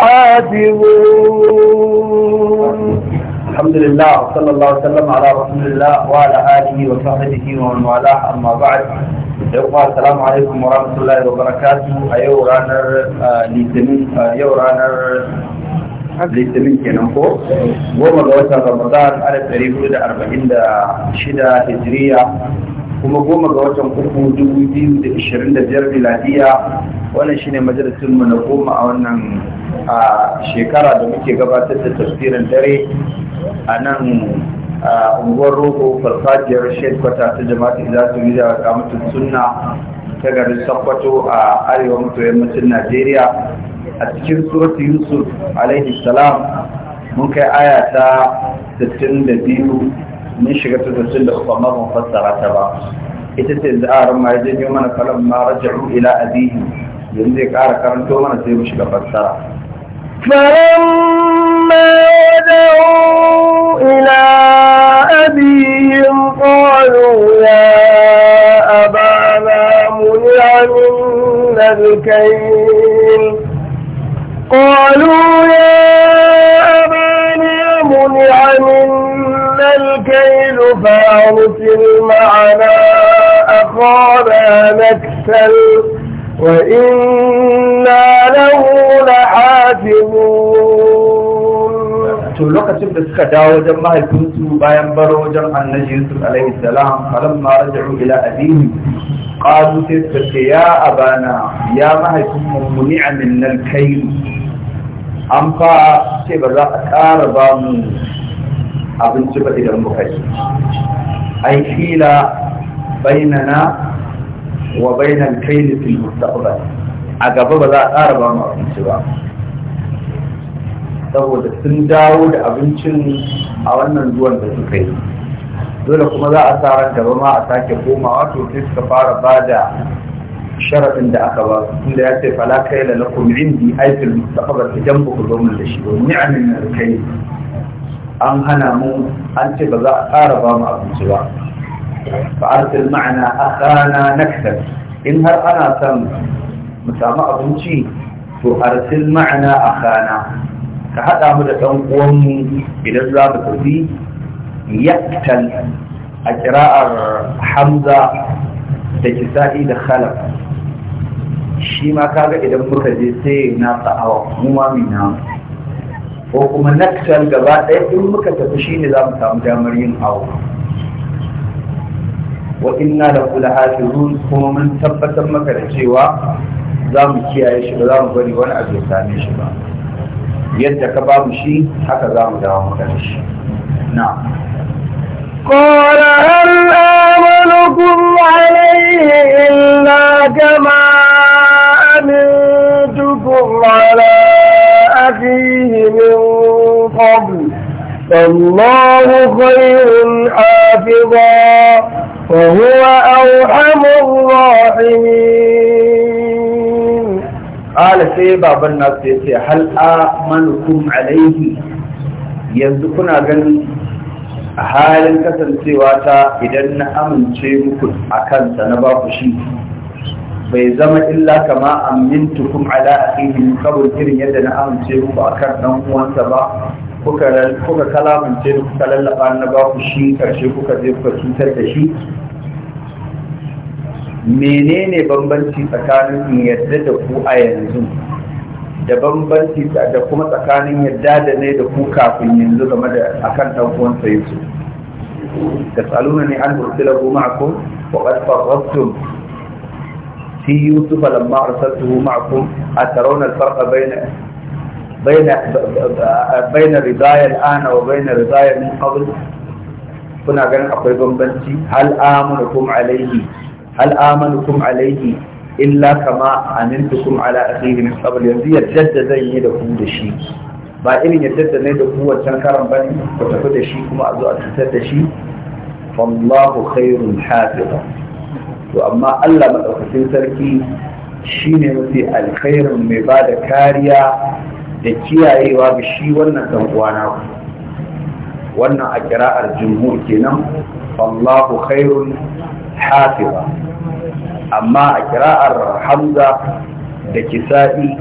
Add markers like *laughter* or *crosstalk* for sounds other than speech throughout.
حافظون الحمد لله صلى الله وسلم على رسول الله وعلى وصحبه ومن والاه بعد yawwa assalamu alaikum wa rahmatullahi wa barakatuh a yau ranar litinin yau ranar litinin kenan ko goma ga watan ramadan alif hudu da arba'in da shida hijiriya kuma goma ga watan uku dubu biyu da ishirin da biyar miladiya wannan shine majalisun mu na goma a wannan a shekara da muke gabatar da tafsirin dare a nan unguwar rogo farfajiyar shekwata ta jama'a za su yi da kamutun sunna ta garin sakwato a arewa maso yammacin najeriya a cikin suratu yusuf alaihi salam mun kai aya ta biyu, mun shiga ta 63 amma ban fassara ta ba ita ce za'a aran ma ya janyo mana kalan ma rajaru ila azihi yanzu zai karanto mana sai mu shiga fassara فلما دَعَوْا إلى أبيهم قالوا يا أبانا منع منا الكيل قالوا يا أبانا منع منا الكيل فأرسل معنا أخانا نكسل وإنا له لحافظون to lokacin da suka dawo wajen mahaifinsu bayan baro wajen annabi Yusuf alaihi salam falamma raja'u ila abihi qalu sai ya abana ya mahaifin mu muni'a minnal kayl an fa ce ba za a ƙara ba mu abinci ba idan muka yi ai fila bainana wa bainal kayli fil mustaqbal a gaba ba za a ƙara ba mu abinci ba saboda sun dawo da abincin a wannan zuwan da suka yi dole kuma za a sa ran gaba ma a sake komawa to sai suka fara ba da sharaɗin da aka ba inda ya ce fala kai la lakum indi aitul mustaqbal idan ba ku zama da shi ba ni'amin alkai an hana mu an ce ba za a ƙara ba mu abinci ba fa’arfin ma’ana a ƙana nakta in har ana san musamman abinci fa’arfin ma’ana a ƙana ka haɗa mu da ɗan ƙuwanmu idan za mu tafi yaktan a kira'ar hamza da kisa’i da khalaf shi ma kaga idan muka je sai na sa’awa kuma mina ko kuma nakta gaba ɗaya in muka tafi shi ne za mu samu damar yin awo? wa inna da kula hafizun kuma mun tabbatar maka da cewa za mu kiyaye shi ba za mu bari wani abu ya same shi ba yadda ka ba mu shi haka za mu dawo maka da shi na قال هل آمنكم عليه إلا كما أمنتكم على أخيه من قبل فالله خير حافظا وهو أرحم الراحمين قال سي باب الناس يسي هل آمنكم عليه ينزقنا قلن halin kasancewa ta idan na amince muku a kansa na ba shi bai zama illa kama amintukum ala akhihi min qabl irin yadda na amince muku akan dan uwansa ba kuka kalamance da kuka lallaba na ba ku shi karshe kuka je kuka cutar da shi menene bambanci tsakanin yadda da ku a yanzu da bambanci da kuma tsakanin yadda da ne da ku kafin yanzu game da akan ɗan uwansa yasu تسألونني yi أرسله معكم وقد فرطتم su يوسف لما أرسلته A أترون الفرق بين baina ridaya al'ana wa baina ridaya min qabl kuna ganin akwai bambanci hal amanukum alayhi illa kama amintukum ala akhihi min qabl yanzu yadda da zan yi da ku ba irin yadda da ne da ku wancan karan bane da shi kuma a zo a cutar da shi wallahu to amma Allah madaukakin sarki shine mafi alkhairin mai bada kariya da kiyayewa ga shi wannan dan uwana wannan a kira'ar jumhur kenan Allahu khairun hafiza amma a kira'ar hamza da kisa'i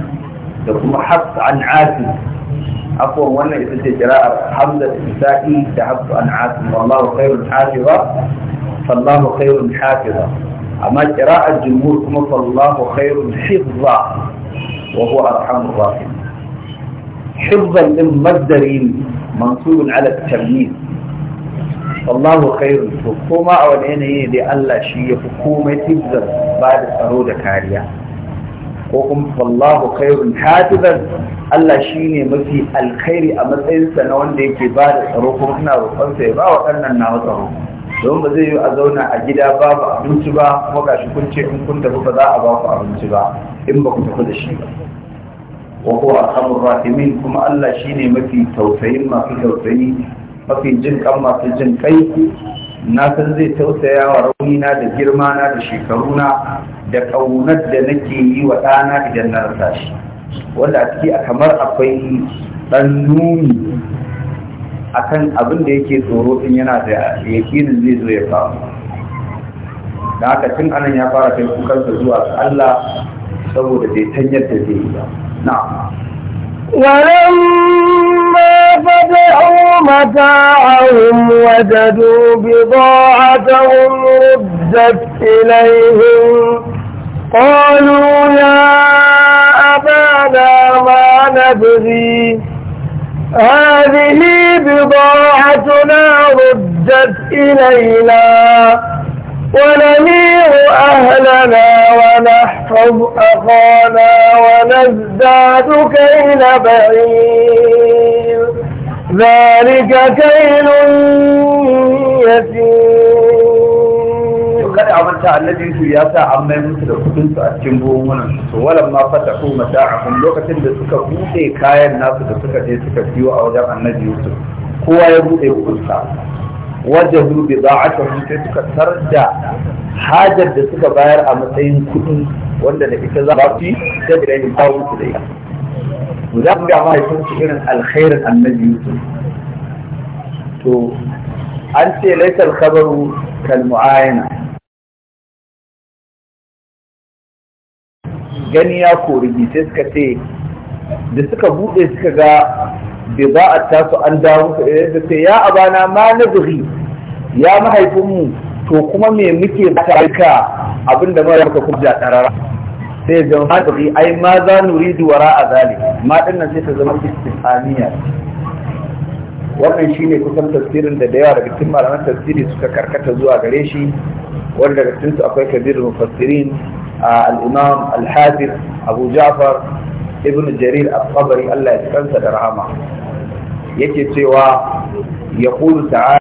da kuma hafs an asi akwai wannan ita ce kira'ar hamza da kisa'i da hafs an asi wallahu khairun hafiza fallahu khairun hafiza amma kira'ar jumhur kuma fallahu khairun hifza wa huwa arhamur rahimin hibban ɗin mazarin ne mansubun ala tamyiz wallahu khairu to koma a wani yanayi ne dai Allah shi ya fi komai hibzan ba da tsaro da kariya ko kuma wallahu khairun hafizan Allah shine mafi alkhairi a matsayinsa na wanda yake ba da tsaro kuma ina roƙon sa ya ba waɗannan nawa tsaro don ba zai yi a zauna a gida babu abinci ba kuma gashi kun ce in kun tafi ba za a ba ku abinci ba in ba ku tafi da shi ba wa a samun rahimin kuma Allah shi ne mafi tausayin mafi tausayi mafi jin masu jin kai na san zai tausaya wa raunina da girma na da shekaruna da ƙaunar da nake yi wa ɗana idan na rasa shi wanda a ciki a kamar akwai ɗan nuni kan abin da yake tsoro din yana da yakinin zai zo ya faru da haka tun anan ya fara kai kukansa zuwa ga Allah saboda bai tanyar da zai yi ba نعم ولما فتحوا متاعهم وجدوا بضاعتهم ردت إليهم قالوا يا أبانا ما نبغي هذه بضاعتنا ردت إلينا ونمير أهلنا ونحفظ أخانا ونزداد كيل بعير ذلك كيل يسير kada a manta annabi su ya sa an mai musu da kudin su a cikin buhunan su walam ma fatahu mata'ahum lokacin da suka buɗe kayan nasu da suka je suka siyo a wajen annabi Yusuf kowa ya buɗe kudin wajahu bi da'atuhum sai suka tarda hajar da suka bayar a matsayin kuɗi wanda da ita za su yi da da yin kawo musu da ita za mu ga mahaifin su irin alkhairin annabi yusuf to an ce laisa alkhabaru kal mu'ayana gani ya kori sai suka ce da suka buɗe suka ga bida'at tasu an dawo su da sai ya abana ma nazri ya mahaifinmu to kuma me muke baka abinda mara muka kuma ja tarara sai ga hadri ai ma za nuridu wara a zali ma sai ta zama istifaniya wannan shine kusan tafsirin da da yawa daga cikin malaman tafsiri suka karkata zuwa gare shi wanda daga cikin su akwai kabirul mufassirin al-imam al-hafiz abu ja'far ibn jarir al Allah ya kansa da rahama yake cewa ya ƙulu ta'ala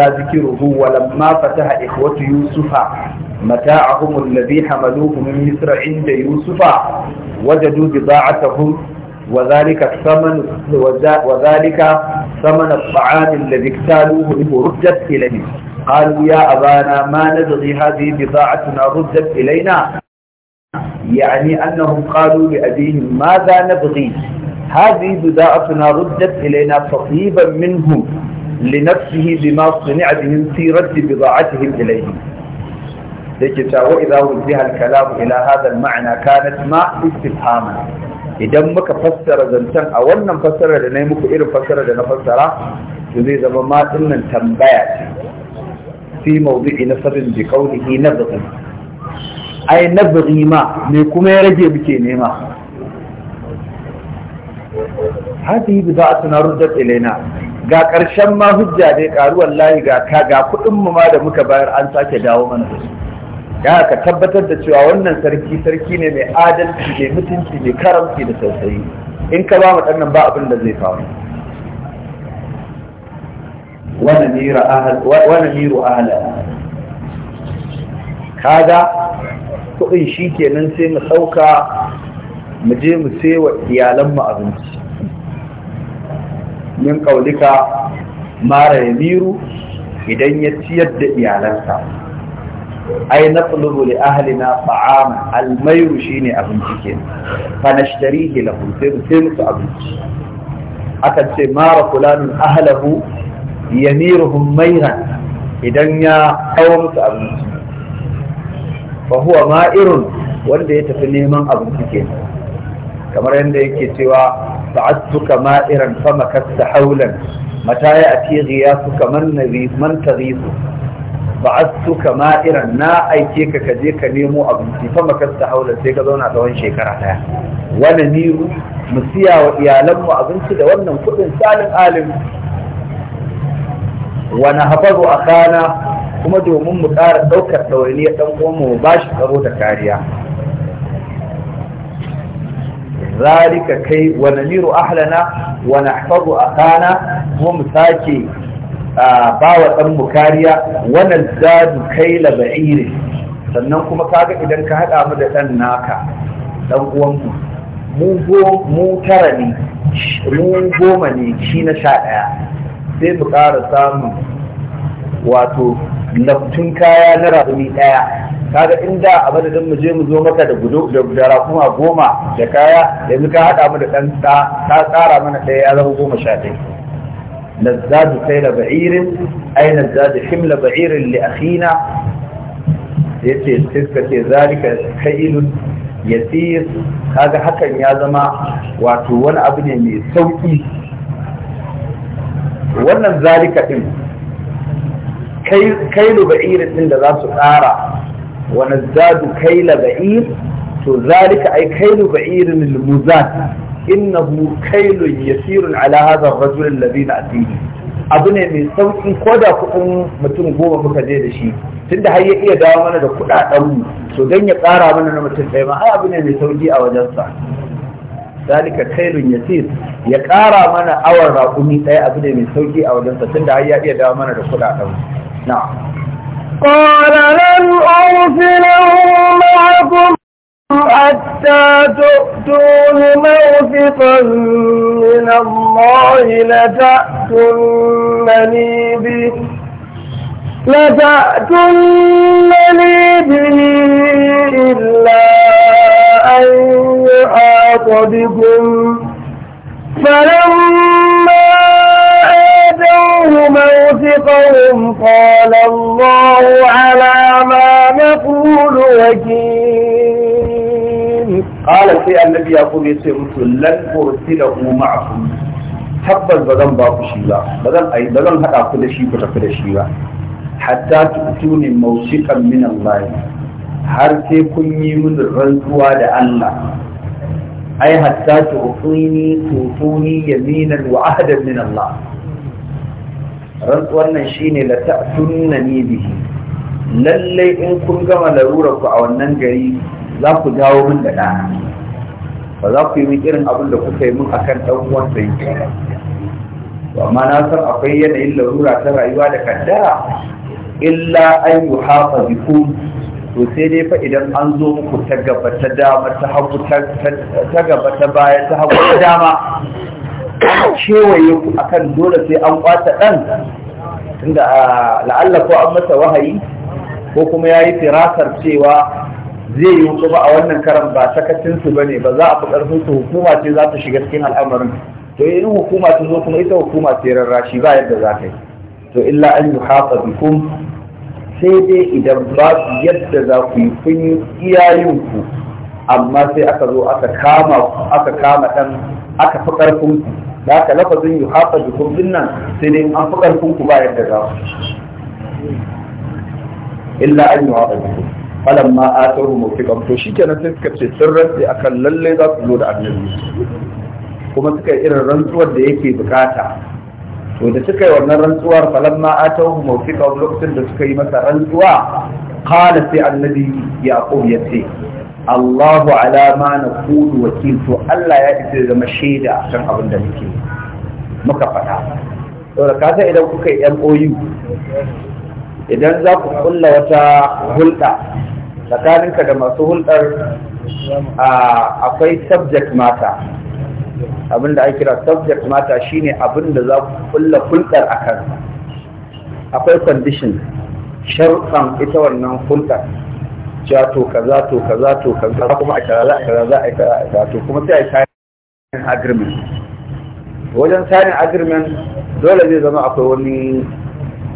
ذكره ولما فتح ikhwatu يوسف متاعهم الذي حملوه من مصر عند يوسف وجدوا بضاعتهم وذلك الثمن وذلك ثمن الطعام الذي اكتالوه له ردت إليه قالوا يا أبانا ما نبغي هذه بضاعتنا ردت إلينا يعني أنهم قالوا لأبيهم ماذا نبغي هذه بداءتنا ردت إلينا تطيبا منهم لنفسه بما صنع بهم في رد بضاعتهم إليهم لكتا وإذا وجه الكلام إلى هذا المعنى كانت ما استفهاما idan muka fassara zancen a wannan fassara da na yi muku irin fassara da na fassara to zai zama ma nan tambaya ce fi mawdu'i na sabin bi qawlihi nabghi ai nabghi ma me kuma ya rage muke nema hadi ba za na ruddat ilaina ga ƙarshen ma hujja dai karu wallahi ga ka ga kuɗin mu ma da muka bayar an sake dawo mana da su ya ka tabbatar da cewa wannan sarki sarki ne mai adalci mai mutunci mai karamci da tausayi in ka ba mu nan ba abin da zai faru wani a wani miru kaga kuɗin shi kenan sai mu sauka mu je mu sewa iyalanmu abinci min ƙaulika mara ya miru idan ya ciyar da iyalansa ai na tsulubu li ahlina ta'ama almayu shine abinci ke fa nashtarihi sai mu sai musu abinci akan ce mara fulanun ahlahu yamiruhum mayran idan ya kawo musu abinci fa huwa ma'irun wanda ya tafi neman abinci kenan kamar yadda yake cewa sa'adtuka ma'iran fama kasta haulan mata ya ake riya su kamar na man ta rizu ba'adtuka ma'iran na aike ka kaje ka nemo abinci fama kasta haulan sai ka zauna tsawon shekara daya wani niru mu siya wa iyalanmu abinci da wannan kuɗin salin alim wani hafazu a kana kuma domin mu ƙara ɗaukar ɗawainiyar ɗan uwanmu mu ba shi tsaro da kariya zalika kai wa namiru ahlana wa nahfazu akana mu sake ba wa dan mu kariya wa nazadu la ba'iri sannan kuma kaga idan ka hada mu da dan naka dan uwan mu mu go mu tara ne mu goma ne shi na sha ɗaya. sai mu ƙara samun wato laftun kaya na razumi daya kaga in da a madadin mu je mu zo maka da gudu da goma da kaya yanzu ka haɗa mu da ɗan ta tsara mana ɗaya ya zama goma sha ɗaya نزداد سيل بعير أي نزداد حمل بعير لأخينا يتي تذكة kaga hakan ya zama wato wani abu ne mai سوئي wannan zalika din kailu ba'irin din da za su ƙara wa nazdadu kayla ba'ir to zalika ay kaylu ba'irin al-muzat innahu kaylun yasirun ala hadha ar-rajul alladhi na'tihi abu ne mai sauki ko da kuɗin mutum goma muka je da shi tunda har ya iya dawo mana da kuɗaɗen to don ya ƙara mana na mutum ɗaya ma ai abu ne mai sauki a wajensa zalika kailun yasir ya ƙara mana awar raƙumi ɗaya abu ne mai sauki a wajensa tunda har ya iya dawo mana da kuɗaɗen mu na'am قال لن أرسله معكم حتى تؤتون موثقا من الله لتأتونني به لتأتونني به إلا أن يحاط بكم فلما ولو موثقهم قال الله على ما نقول وكيل قال في النبي يقول يسيرت لن أرسله معكم tabbas ba zan ba ku shi ba ba zan ai ba zan hada ku da shi ku Allah har sai kun yi min rantsuwa da Allah ai hatta tutuni tutuni yaminan wa ahdan min Allah rantsuwar nan shine la ta'tunnani bihi lallai in kun gama larurar ku a wannan gari za ku dawo min da ɗana ba za ku yi min irin abin da kuka yi min akan ɗan uwan sai amma na san akwai yanayin larura ta rayuwa da kaddara illa an yi hafa biku to sai dai fa idan an zo muku ta gaba ta dama ta hagu ta gaba ta baya ta hagu ta dama an kewaye ku akan dole sai an kwata ɗan tunda ah, la'alla ko an masa wahayi ko kuma ya yi firasar cewa zai yi kuma a wannan karan ba sakacinsu ba ne ba za a fi ƙarfin su hukuma ce za ta shiga cikin al'amarin to in hukuma ta zo kuma ita hukuma ce rarrashi ba yadda za ka yi to illa an yi hafa bikum sai dai idan ba su yadda za ku yi kun yi iyayenku amma sai aka zo aka kama aka kama ɗan aka fi ƙarfin ku da haka lafazin yi hafa jikin dinnan sai dai an fi ƙarfin ku ba yadda za ku illa an yi hafa jikin falan ma a tsoro mafi to shi kenan sai suka ce sun rantse kan lallai za su zo da annabi kuma suka yi irin rantsuwar da yake bukata to da suka yi wannan rantsuwar falan ma a tsoro mafi lokacin da suka yi masa rantsuwa kala sai annabi ya ya ce Allahu alama na naqulu wakil Allah ya isa zama shaida akan abin da muke muka faɗa saboda ka san idan kuka yi MOU idan za ku kulla wata hulɗa tsakaninka da masu hulɗar akwai subject mata abin da ake kira subject mata shine abin da za ku kulla hulɗar akan akwai condition sharuɗan ita wannan hulɗar cewa to kaza to kaza to kaza kuma a kaza a kaza a kaza to kuma sai a yi signing agreement wajen signing agreement dole zai zama akwai wani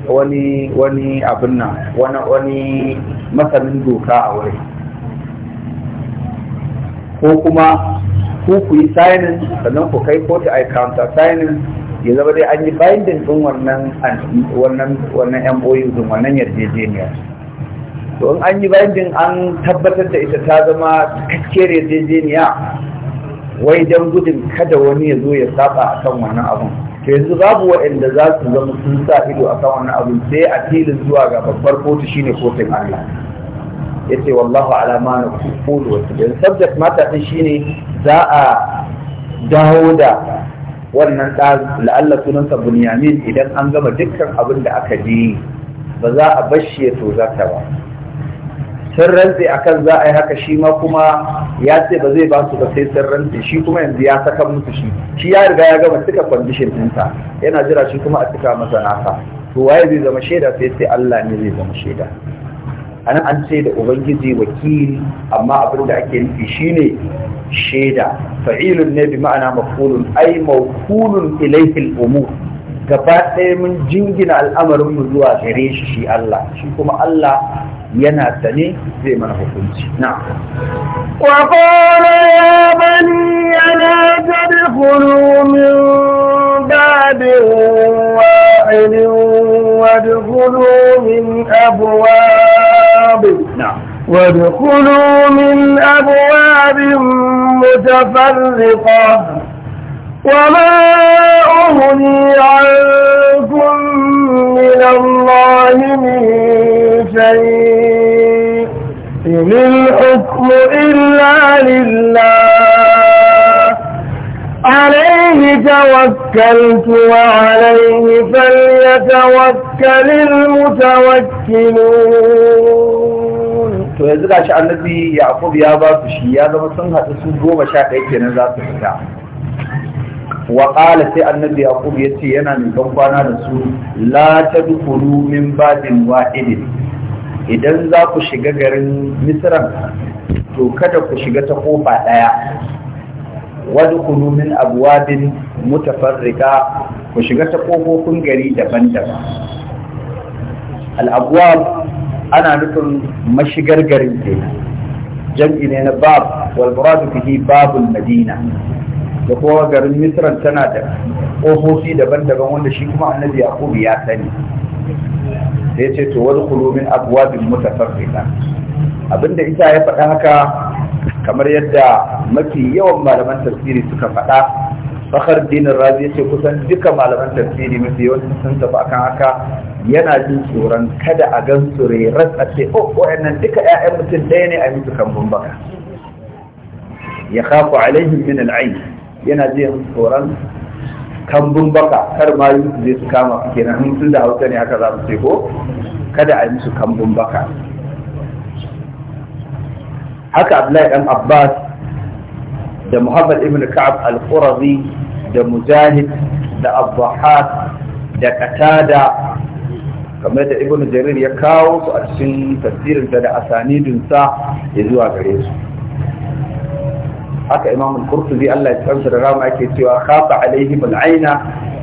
wani wani abin nan wani wani masanin doka a wuri ko kuma ku ku yi signing sannan ku kai kotu a counter signing ya zama dai an yi binding din wannan wannan wannan MOU din wannan yarjejeniyar to in an yi binding an tabbatar da ita ta zama cikakkiyar yarjejeniya wai don gudun kada wani ya zo ya saba a kan wannan abun to yanzu babu waɗanda za su zama sun sa ido a kan wannan abun sai a filin zuwa ga babbar kotu shine kotun Allah yace wallahu ala ma naqulu wa tabi'an subject matter din shine za a dawo da wannan da la'alla sunansa bunyamin idan an gama dukkan abin da aka ji ba za a bashi ya tozarta ba sun rantse akan za a yi haka shi ma kuma ya ce ba zai ba su ba sai sun rantse shi kuma yanzu ya saka musu shi shi ya riga ya gama cika kwandishin ɗinsa yana jira shi kuma a cika masa nasa to waye zai zama shaida sai sai Allah ne zai zama shaida an an ce da ubangiji wakili amma abin da ake nufi shine shaida fa'ilun ne bi ma'ana maf'ulun ai maf'ulun ilayhi al-umur gaba ɗaya mun jingina al'amarin mu zuwa gare shi shi Allah shi kuma Allah yana sane zai mana hukunci na wa qala ya bani ana tadkhulu min babin wahidin wadkhulu min abwabin na'am وادخلوا من أبواب متفرقة وما أغني عنكم الله من شيء إن الحكم إلا لله عليه توكلت وعليه فليتوكل المتوكلون فإذا قال النبي يعقوب يا باب شيئا لما سنها تسوق وما شاء كيف ينزل تفتح wa sai annabi yaqub yace yana mai kwana da su la dukuru min babin wa'idin idan za ku shiga garin Misiran, to kada ku shiga ta kofa daya wadkhulu min abwabin mutafarrika ku shiga ta kofofin gari daban-daban al ana nufin mashigar garin kenan jam'i ne na bab wal muradu bihi babul madina da kuma garin misran tana da ƙofofi daban-daban wanda shi kuma annabi yaqubu ya sani sai ce to wadkhulu min abwabin mutafarriqa abinda isa ya faɗa haka kamar yadda mafi yawan malaman tasiri suka faɗa fakar dinin razi ce kusan duka malaman tafsiri mafi yawan sun tafi akan haka yana jin tsoron kada a gan su a ce oh duka ƴaƴan mutum ɗaya ne a yi musu kan ya kafa alaihim min al'ayn yana jin tsoron kambun baka kar ma yi musu zai su kama su kenan in tun da hausa ne haka za su ce ko kada a yi musu kambun baka haka abdullahi dan abbas da muhammad ibn ka'ab al-qurazi da mujahid da abdullahi da katada kamar da ibn jarir ya kawo su a cikin tafsirinsa da asanidinsa ya zuwa gare su haka imam al-qurtubi Allah ya tsanta da rama yake cewa khafa alaihim al-aina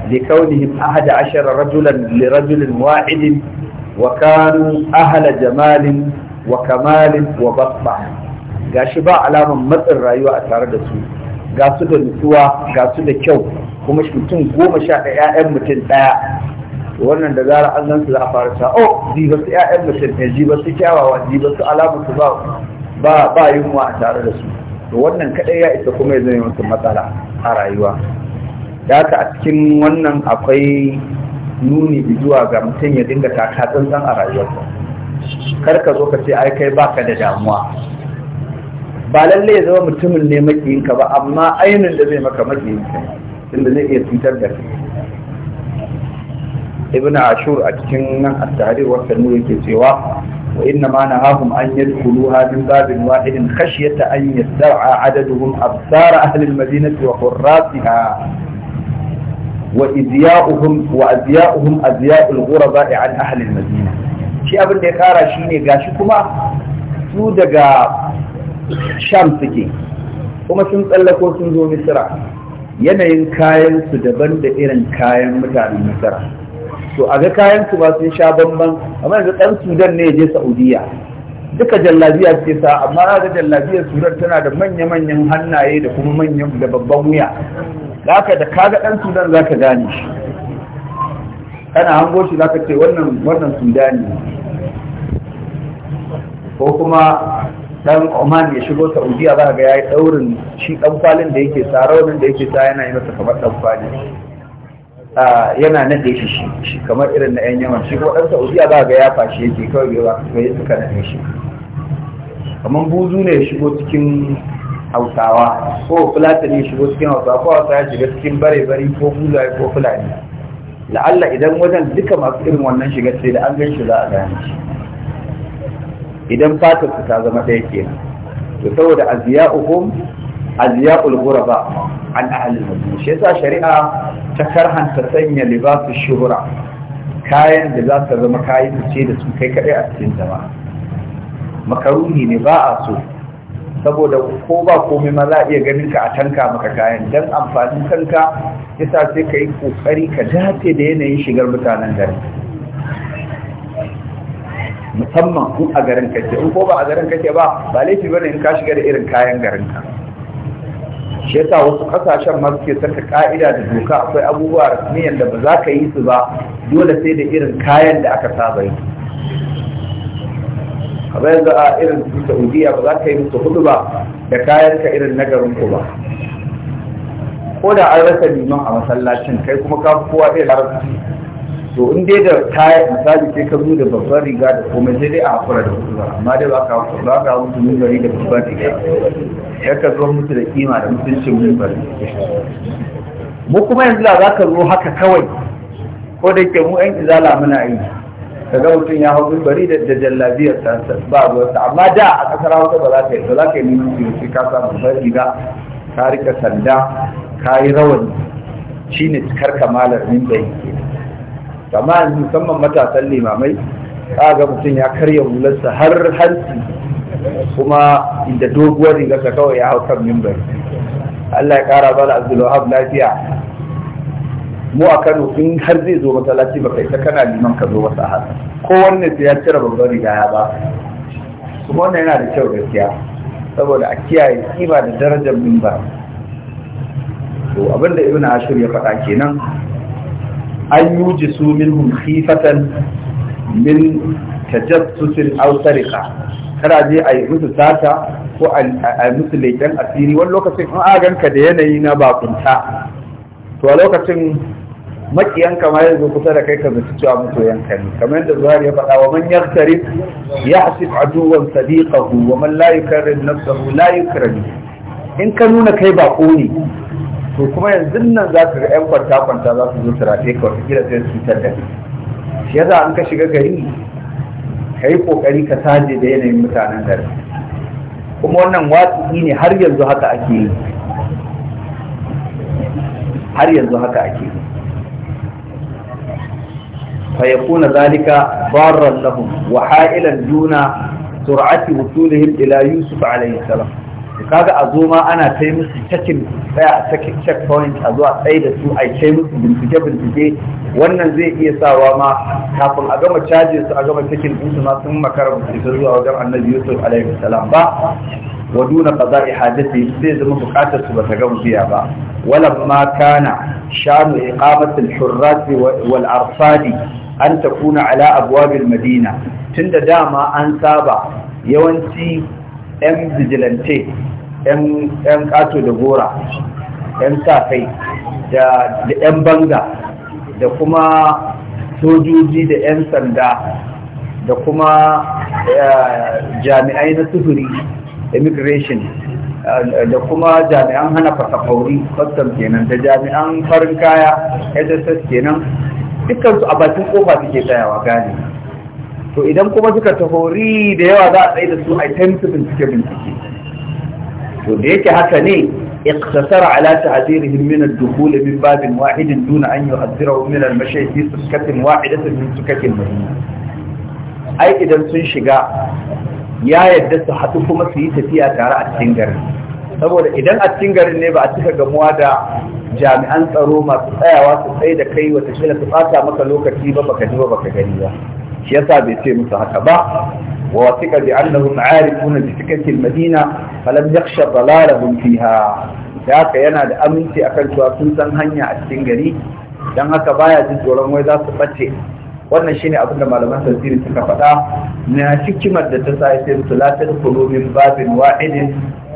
li kaunihim ahada ashara rajulan li rajulin wa'idin wa kanu ahla jamalin wa kamalin wa basba gashi ba alaman matsin rayuwa a tare da su ga su da nutsuwa ga su da kyau kuma mutum goma sha ɗaya 'ya'yan mutum ɗaya wannan da zara an gansu za a fara sa oh ji ba su ƴaƴan mutum ne ji ba su kyawawa ji ba su alamu su ba ba yunwa a tare da su to wannan kadai ya isa kuma ya zama masu matsala a rayuwa da ka a cikin wannan akwai nuni zuwa ga mutum ya dinga taka tsantsan a rayuwarsa kar ka zo ka ce ai kai baka da damuwa ba lallai ya zama mutumin ne makiyinka ba amma ainihin da zai maka makiyinka inda zai iya cutar da kai ibn ashur a cikin nan at-tahrir wa sanu yake cewa wa inna ma nahahum an yadkhuluha min babin wahidin khashyata an yastar'a adaduhum absar ahli al-madinati wa qurratiha wa izya'uhum wa azya'uhum azya'ul ghuraba an ahli al-madina shi abin da ya kara shine gashi kuma su daga sham suke kuma sun tsallako sun zo misira yanayin kayan su daban da irin kayan mutanen misira to a ga kayan su ba sun sha bamban amma yanzu dan sudan ne ya je saudiya duka jallabiya suke sa amma ga jallabiyar sudan tana da manya-manyan hannaye da kuma manyan da babban wuya haka da kaga dan sudan zaka gane shi kana hango shi zaka ce wannan wannan sudani ko kuma dan Oman ya shigo Saudiya za ga yayi daurin shi dan kwalin da yake sa raunin da yake sa yana yi masa kamar dan kwali yana nade shi shi kamar irin na 'yan yawan shi kuma ɗan saudiya ba ga ya fashe yake kawai yawa kai suka nade shi kamar buzu ne ya shigo cikin hausawa ko fulatani ya shigo cikin hausawa ko hausa ya shiga cikin bare-bari ko buzaye ko fulani la'alla idan wajen duka masu irin wannan shiga sai da an gan shi za a gane shi idan fatar su ta zama ɗaya kenan to saboda aziya uku. aziyaqul ghuraba an ahli al-madina shi yasa shari'a ta karhanta sanya libasu shuhura kayan da za ta zama kayi fice da su kai kadai a cikin jama'a makaruni ne ba a so saboda ko ba komai ma za a iya ganin ka a tanka maka kayan dan amfanin kanka yasa sai ka yi kokari ka dace da yanayin shigar mutanen gari musamman kun a garin kake in ko ba a garin kake ba ba laifi bane in ka shiga da irin kayan garin ka shi yasa wasu kasashen ma suke saka ka'ida da doka akwai abubuwa rasmiyan da ba za ka yi su ba dole sai da irin kayan da aka saba yi kamar yanzu a irin su saudiya ba za ka yi musu hudu ba da kayan ka irin na garin ku ba ko da an rasa liman a masallacin kai kuma ka kowa ɗaya larabci to in dai da kaya misali sai ka zo da babbar riga da komai sai dai a hakura da ba, amma dai ba ka ba ka mutu bari da babbar riga ya ka zo mutu da kima da mutuncin bari mu kuma yanzu da za ka zo haka kawai ko da ke mu yan izala muna yi daga mutum ya hau bari da jallabiyar ta ba ruwarsa amma da a kasar hausa ba za ka yi ba za ka yi su sai ka samu babbar riga ka rika sanda ka yi rawani shine min bai ke kama yanzu musamman matasan limamai ga mutum ya karya hularsa har hanci kuma inda doguwar rigarsa kawai ya hau kan mimbar Allah ya kara bala abdulwahab lafiya mu a kano in har zai zo masallaci ba kai ta kana liman ka zo masa har ko wanne sai ya cire babban riga ya ba kuma wannan yana da kyau gaskiya saboda a kiyaye kima da darajar mimbar to abinda ibnu ashur ya faɗa kenan an yujisu minhum khifatan min tajassusin aw sariqa kada je a yi musu sata ko a musu leƙen asiri wani lokacin in aganka da yanayi na bakunta to a lokacin makiyan kama ya zo kusa da kai ka zaci cewa masoyanka ne kamar yadda zuhari ya faɗa wa man yaktari ya asif aduwan sadiqahu wa man la yukarrim nafsahu la yukarrim in ka nuna kai bako ne to kuma yanzu nan za su ga 'yan kwanta-kwanta za su zo su rafe ka wata kira sai su cutar da ni shi yasa an ka shiga gari ka yi kokari ka saje da yanayin mutanen gari kuma wannan watsi ne har yanzu haka ake yi har yanzu haka ake yi fa yakuna zalika barran lahum wa ha'ilan duna sur'ati wusulihim ila yusuf alayhi salam to kaga a zo ma ana ta yi musu cikin tsaya a zuwa check a tsaye da su a ce musu bincike bincike wannan zai iya sawa ma kafin a gama caje su a gama cakin din su ma sun makara musu zuwa wajen annabi yusuf alaihi salam ba wa duna qada'i hajati sai zama bukatar su bata gama biya ba ma kana shanu iqamati al-hurrat wal an takuna ala abwabil madina tunda dama an saba yawanci 'yan vigilante 'yan ƙato da gora 'yan safai da 'yan banga da kuma sojoji da 'yan sanda da kuma eh, jami'ai na sufuri immigration eh, da kuma jami'an hana fasafauri custom kenan da jami'an farin kaya hss kenan dukkan su a bakin kofa suke tsayawa gani to idan kuma suka tahori da yawa za a tsaye da su a ta bincike bincike to da yake haka ne اقتصر على تعذيرهم من الدخول من باب واحد دون أن يؤذرهم من المشي في سكة واحدة من سكك المدينة ai idan sun shiga ya yadda su haɗu kuma su yi tafiya tare a cikin garin saboda idan a cikin garin ne ba a cika gamuwa da jami'an tsaro masu tsayawa su tsaye da kai watakila su ɓata maka lokaci ba baka ji ba baka gani ba shi yasa bai ce musu haka ba wa wasiqa bi annahum arifuna bi madina falam yakhsha dalalahum fiha da haka yana da aminci akan cewa sun san hanya a cikin gari dan haka baya jin tsoron wai za su bace wannan shine abin da malaman tafsiri suka faɗa na hikimar da ta sai sai su la tadkhulu min babin wahidin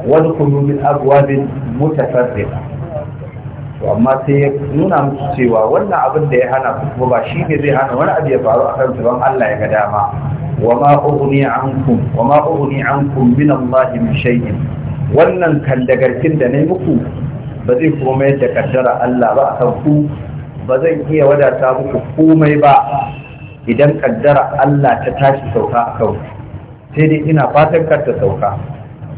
wa tadkhulu min abwabin mutafarriqa to amma sai ya nuna musu cewa wannan abin da ya hana su kuma ba shi ne zai hana wani abu ya faru a kan tsibon Allah ya ga dama wa ma ughni ankum wa ma ughni ankum min Allah min shay'in wannan kandagarkin da nayi muku ba zai komai da kaddara Allah ba akan ku ba zan iya wadata muku komai ba idan kaddara Allah ta tashi sauka akan ku sai dai ina fatan kar ta sauka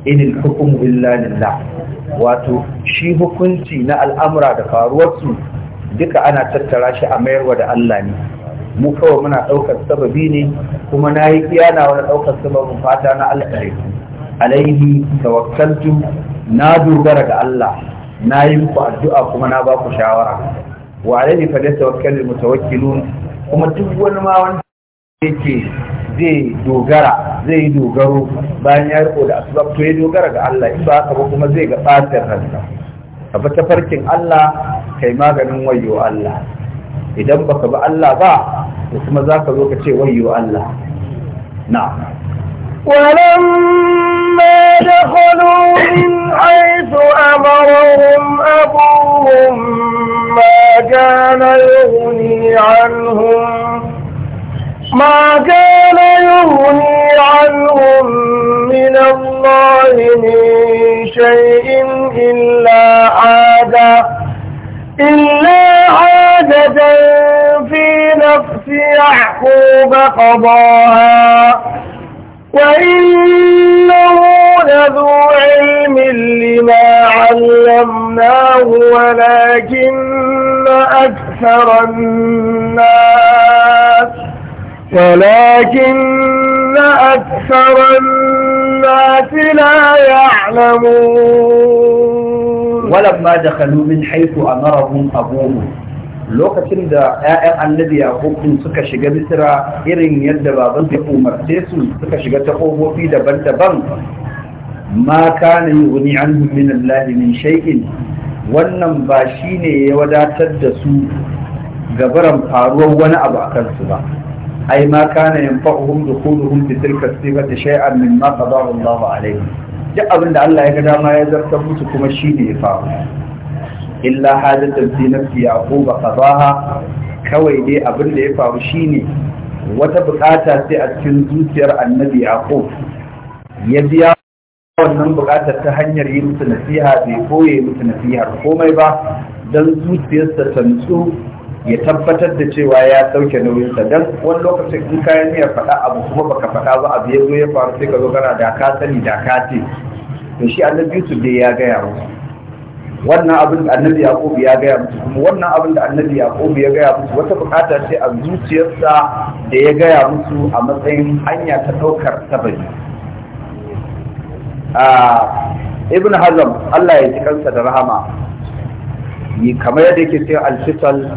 inil hukumu illa lillah wato shi hukunci na al'amura da faruwarsu duka ana tattara shi a mayarwa da Allah ne mu kawai muna ɗaukar sababi ne kuma nayi yi iyana wani ɗaukar sababin fata na alƙari alaihi tawakkaltu na dogara ga Allah na yi muku addu'a kuma na ba ku shawara wa alaihi fa da tawakkalul mutawakkilun kuma duk wani ma wani yake zai dogara zai yi dogaro bayan ya riko da asbab to ya dogara ga Allah in ba haka ba kuma zai ga fatar ransa ka bi tafarkin Allah kai maganin wayo Allah idan baka bi Allah ba da kuma za ka zo ka ce wayo Allah na ولما دخلوا من حيث أمرهم أبوهم ما كان يغني عنهم ما كان يغني عنهم من الله من شيء إلا عادة إلا عادة في نفس يعقوب قضاها وإنه لذو علم لما علمناه ولكن أكثر الناس ولكن أكثر الناس لا يعلمون ولما دخلوا من حيث أمرهم أبوهم lokacin da 'ya'yan annabi a din suka shiga misira irin yadda baban ya umarce su suka shiga ta kofofi daban-daban ma kana yughni an min allahi min shaikin wannan ba ne ya wadatar da su gabaran faruwar wani abu a kansu ba أي ما كان ينفعهم دخولهم في تلك الصيغة شيئا مما قضاه الله عليه جاء من الله يقدر ما يزر تبوتكم الشيء يفعل إلا حاجة في نفس يعقوب قضاها kawai dai abin da ya faru shine wata bukata sai a cikin zuciyar annabi yaqub ya biya wannan bukatar ta hanyar yi musu nasiha bai koye musu nasihar komai ba don zuciyarsa ta nutsu ya tabbatar da cewa ya sauke nauyinsa don wani lokacin in kayan ya faɗa abu kuma baka faɗa ba abu ya zo ya faru sai ka zo kana da ka sani da ka ce to shi annabi yusuf dai ya gaya musu wannan abin da annabi yaqub ya gaya musu kuma wannan abin da annabi yaqub ya gaya musu wata bukata ce a zuciyarsa da ya gaya musu a matsayin hanya ta ɗaukar a ah, ibn hazm Allah ya ji kansa da rahama kamar yadda yake cewa alfisal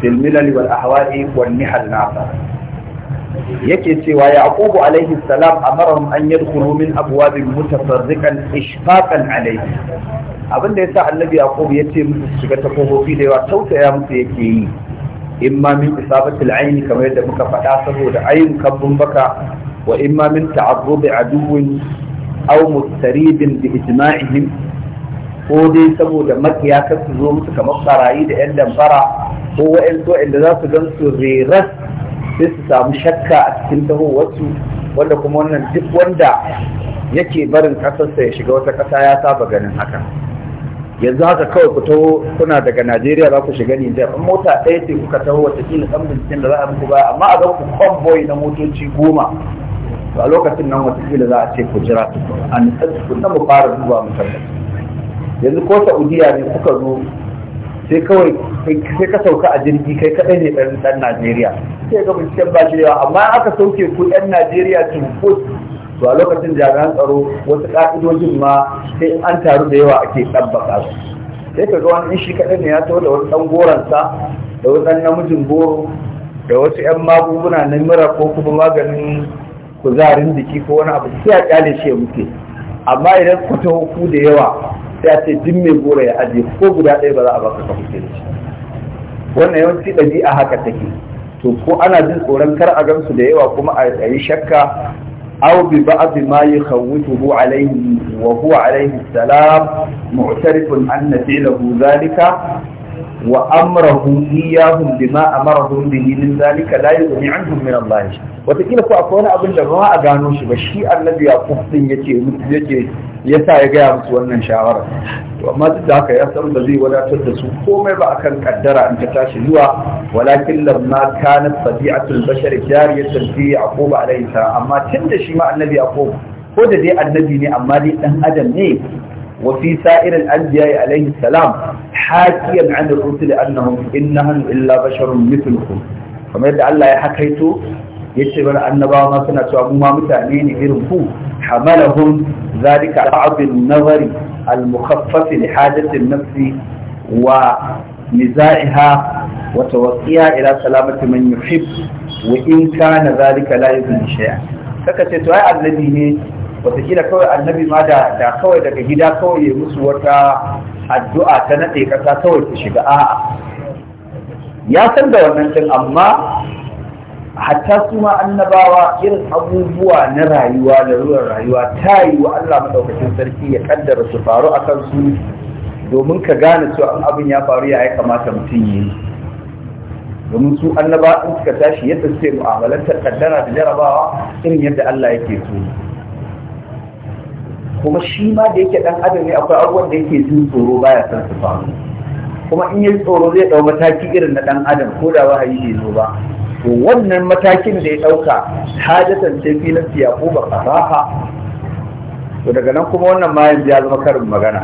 fil wal ahwa'i wan nihal nasa yake cewa yaqubu alaihi salam amarahum an yadkhulu min abwabin mutafarriqan ishfaqan alaihi abinda yasa annabi ya ce musu shiga ta kofofi da yawa tausaya musu yake yi Imamin min isabatil aini kamar yadda muka faɗa saboda ayin kabbun baka wa imma min ta'arrudi aduwwin aw mustaribin bi ijma'ihim ko dai saboda makiya kan su zo musu kamar barayi da 'yan damfara ko wa'in so inda za su gan su reras sai su samu shakka a cikin tahowarsu wanda kuma wannan duk wanda yake barin kasarsa ya shiga wata kasa ya saba ganin haka yanzu haka kawai ku taho kuna daga najeriya za ku shiga nijar in mota ɗaya ce kuka taho wata watakila ɗan binciken da za a muku baya amma a zan ku convoy na motoci goma a lokacin nan watakila za a ce ku jira an ku na mu fara duba mu yanzu ko Saudiyya ne suka zo sai kawai sai ka sauka a jirgi kai kadai ne ɗan dan najeriya sai ga binciken ba shi yawa amma aka sauke ku 'yan najeriya ko to a lokacin jami'an tsaro wasu ƙa'idojin ma sai in an taru da yawa ake ɗabbaka su sai ka ga wani shi kadai ne ya taho da wani ɗan goransa da wani ɗan namijin goro da wasu 'yan magunguna na mira ko kuma maganin kuzarin jiki ko wani abu sai a kyale shi ya mutu amma idan ku taho ku da yawa sai ce duk mai gora ya ajiye ko guda ɗaya ba za a baka ka fice da shi wannan yawanci ɗabi'a haka take to ko ana jin tsoron kar a gamsu da yawa kuma a yi shakka aw bi ba'd ma yakhawifuhu alayhi wa huwa alayhi salam mu'tarifun anna fi'lahu dhalika wa amrahu iyyahum bima amarahum bihi min zalika la yughni anhum min Allah wata ko akwai wani abin da ba a gano shi ba shi annabi yaqub din yace yace yasa ya gaya musu wannan shawara to amma duk da haka ya san ba zai wadatar da su komai ba akan kaddara in ta tashi zuwa walakin lamma kanat tabi'atul bashar jariyatan fi yaqub alayhi amma tunda shi ma annabi yaqub ko da dai annabi ne amma dai dan adam ne وفي سائر الأنبياء عليه السلام حاكيا عن الرسل أنهم إنهم إلا بشر مثلكم kamar yadda Allah ya hakaito ya ce bari annabawa ma suna cewa mu ma mutane ne irin ku Hamala hamalahum zalika ba'dun nazari al-mukhaffaf li hajati an-nafs wa nizaiha wa tawqiya ila salamati man yuhib wa in kana zalika la yuzni shay'a saka ce to ai annabi ne wataƙila kawai annabi ma da da kawai daga gida kawai ya musu wata addu'a ta naɗe ƙasa kawai ta shiga a'a ya san da wannan din amma hatta su ma annabawa irin abubuwa na rayuwa da ruwan rayuwa ta yi wa Allah maɗaukacin sarki ya kaddara su faru a kan su domin ka gane cewa abin ya faru ya ya kamata mutum yi domin su annaba in suka tashi yadda suke mu'amalantar kaddara da jarabawa irin yadda Allah yake so kuma shi ma da yake dan adam ne akwai abubuwan da yake jin tsoro baya san su faru kuma in yi tsoro zai dau mataki irin na dan adam ko da wahayi bai zo ba to wannan matakin da ya dauka hajatan sai filin yaquba qaraha to daga nan kuma wannan ma yanzu ya zama karin magana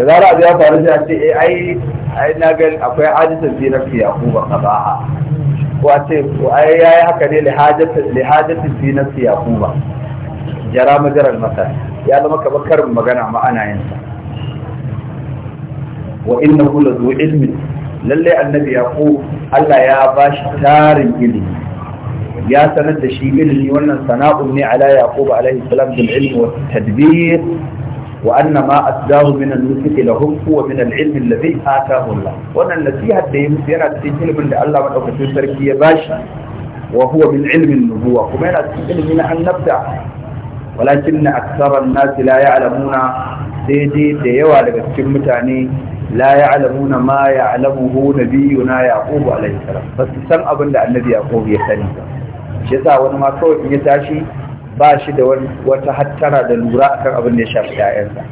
da zara abu ya faru sai a ce eh ai ai na ga akwai hajatan filin yaquba qaraha ko a ce ko ai yayi haka ne li hajatan li hajatan filin yaquba jara majaran masar ya zama kamar karin magana ma'anayensa wa inna hu lazu ilmin lalle annabi yaqub Allah ya bashi tarin ilimi ya sanar da shi ilimi wannan sana'un ne ala yaqub alaihi salam bil ilmi wa tadbir وأن ما أتداه من النسك لهم هو من العلم الذي آتاه الله وأن النسيحة دي مسيرة تسجل من الله من أوكسو سركية باشا وهو من علم النبوة ومن أتسجل من أن نبدأ walakin na aksarar nasi la ya alamuna daidai da yawa daga cikin mutane la alamuna ma ya biyu na ya alaihi salam ba su san abin da annabi ya yaqub ya sani ba shi sa wani ma kawai in ya tashi ba shi da wata hattara da lura akan abin da ya shafi 'ya'yansa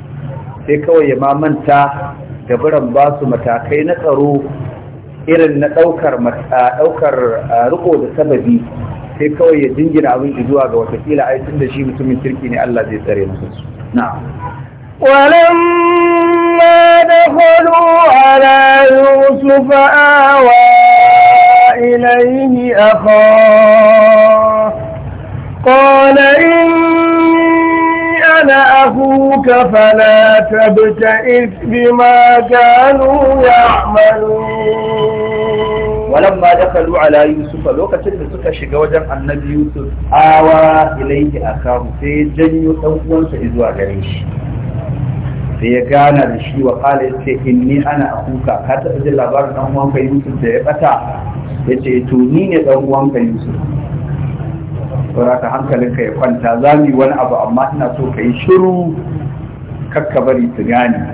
sai kawai ya mamanta biran ba su matakai na tsaro irin na ɗaukar riko da sababi sai kawai ya jingina abin zuwa ga watakila ai tun da shi mutumin kirki ne Allah zai tsare musu na'am ma dakhulu ala يوسف آوى ilayhi akha qala in ana akhuka fala tabta'is bima kanu يعملون walamma dakhalu ala yusuf lokacin da suka shiga wajen annabi yusuf awa ilayhi akahu sai janyo dan sa zuwa gare shi sai ya gana da shi wa kala ya ce inni ana akuka ka ta ji labarin dan uwanka yusuf da ya bata yace ce to ni ne dan uwanka yusuf saboda ka hankalinka ya kwanta za wani abu amma ina so ka shiru kakka bari su gane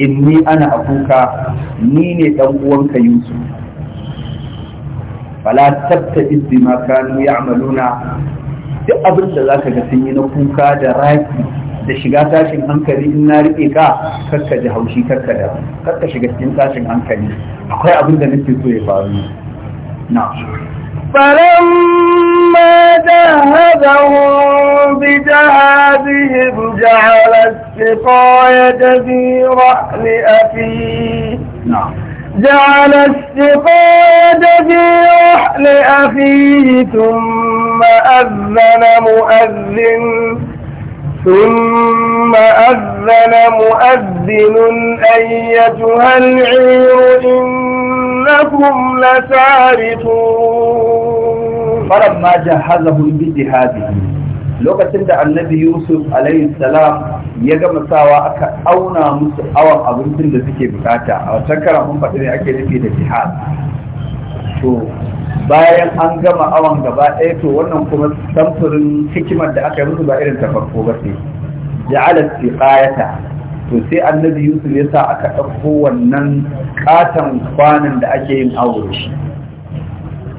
inni ana akuka ni ne dan uwanka yusuf فلا tabtadi بما كانوا يعملون duk abin da zaka ga sun yi na kuka da raki da shiga tashin hankali in na rike ka karka ji haushi karka da karka shiga cikin tashin hankali akwai abin da nake so ya faru na da bi فلما جهزهم بجهازهم جعل السقاية في رحل afi na جعل السقاد في رحل أخيه ثم أذن مؤذن ثم أذن مؤذن أيتها العير إنكم لسارقون فلما جهزهم بجهازهم lokacin da annabi yusuf alaihi salam ya gama sawa aka auna musu awon abincin da suke bukata a wata kara mun faɗi ne ake nufi da jihad to bayan an gama awon gaba ɗaya to wannan kuma samfurin hikimar da aka yi musu ba irin ta farko ba ja'ala ja'alat siqayata to sai annabi yusuf ya sa aka ɗauko wannan katon kwanan da ake yin aure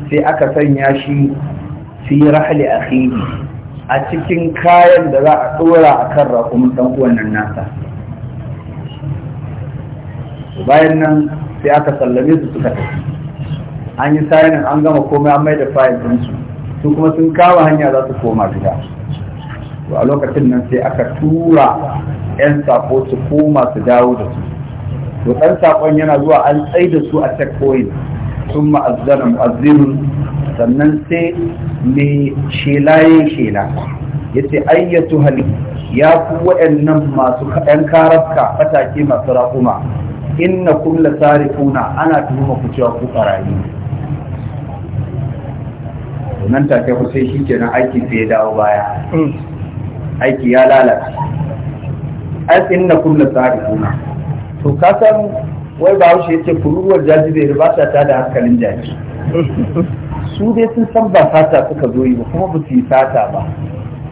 sai aka sanya shi fi rahli akhihi a cikin kayan da za a ɗora a kan raƙumin ɗan nan nasa bayan nan sai aka sallame su suka tafi an yi sayanin an gama komai an mai da fayil ɗinsu su kuma sun kama hanya za su koma gida a lokacin nan sai aka tura 'yan sako su koma su dawo da su to ɗan sakon yana zuwa an da su a checkpoint sun ma'azzana mu'azzinun sannan sai mai shela ya shela ya ce ayyatu hali ya ku wa'annan masu kaɗan karafka fatake masu raƙuma inna kum la sarifuna ana tuhuma ku cewa ku ƙarayi nan take ku sai shi ke kenan aiki sai ya dawo baya hmm. aiki ya lalata ai inna kum la sarifuna to ka san wai ba haushe yace kururuwar jajibe ba ta ta da hankalin jaji. su dai sun san ba fata suka zo yi ba kuma ba su yi fata ba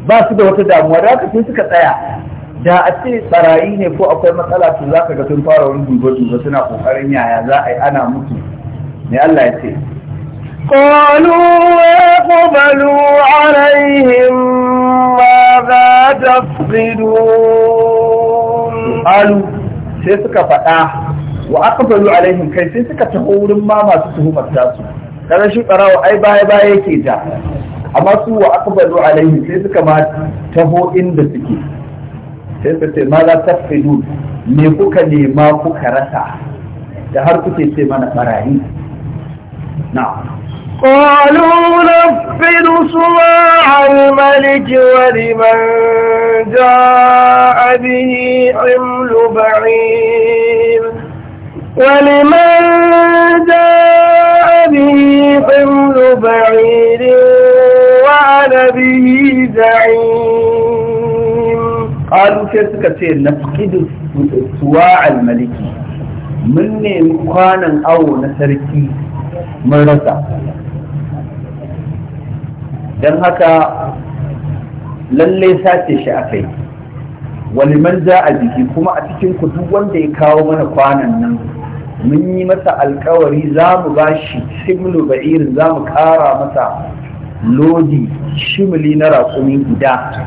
ba su da wata damuwa da haka sai suka tsaya da a ce barayi ne ko akwai matsala to za ka ga sun fara wani duba-duba suna kokarin yaya za a yi ana mutu ne Allah ya ce قالوا وقبلوا عليهم ماذا تفقدون sai suka faɗa wa aqbalu alaihim kai sai suka taho wurin ma masu tuhumar tasu ƙarar shi barawo ai baya baya yake ta amma su wa aqbalu alaihim sai suka ma taho inda suke sai suka ce ma za me kuka nema kuka rasa da har kuke ce mana ɓarayi na'am قالوا نفذ صواع الملك ولمن جاء به حمل بعير ولمن جاء به حمل بعير وعن به زعيم قالوا كثير نفقد صواع الملك من مقانا أو نسركي من don haka lalle sace shi aka yi waliman za a jiki kuma a cikin ku wanda ya kawo mana kwanan nan mun yi masa alkawari za mu ba shi simlu ba'irin za mu kara masa lodi shimili na raƙumi guda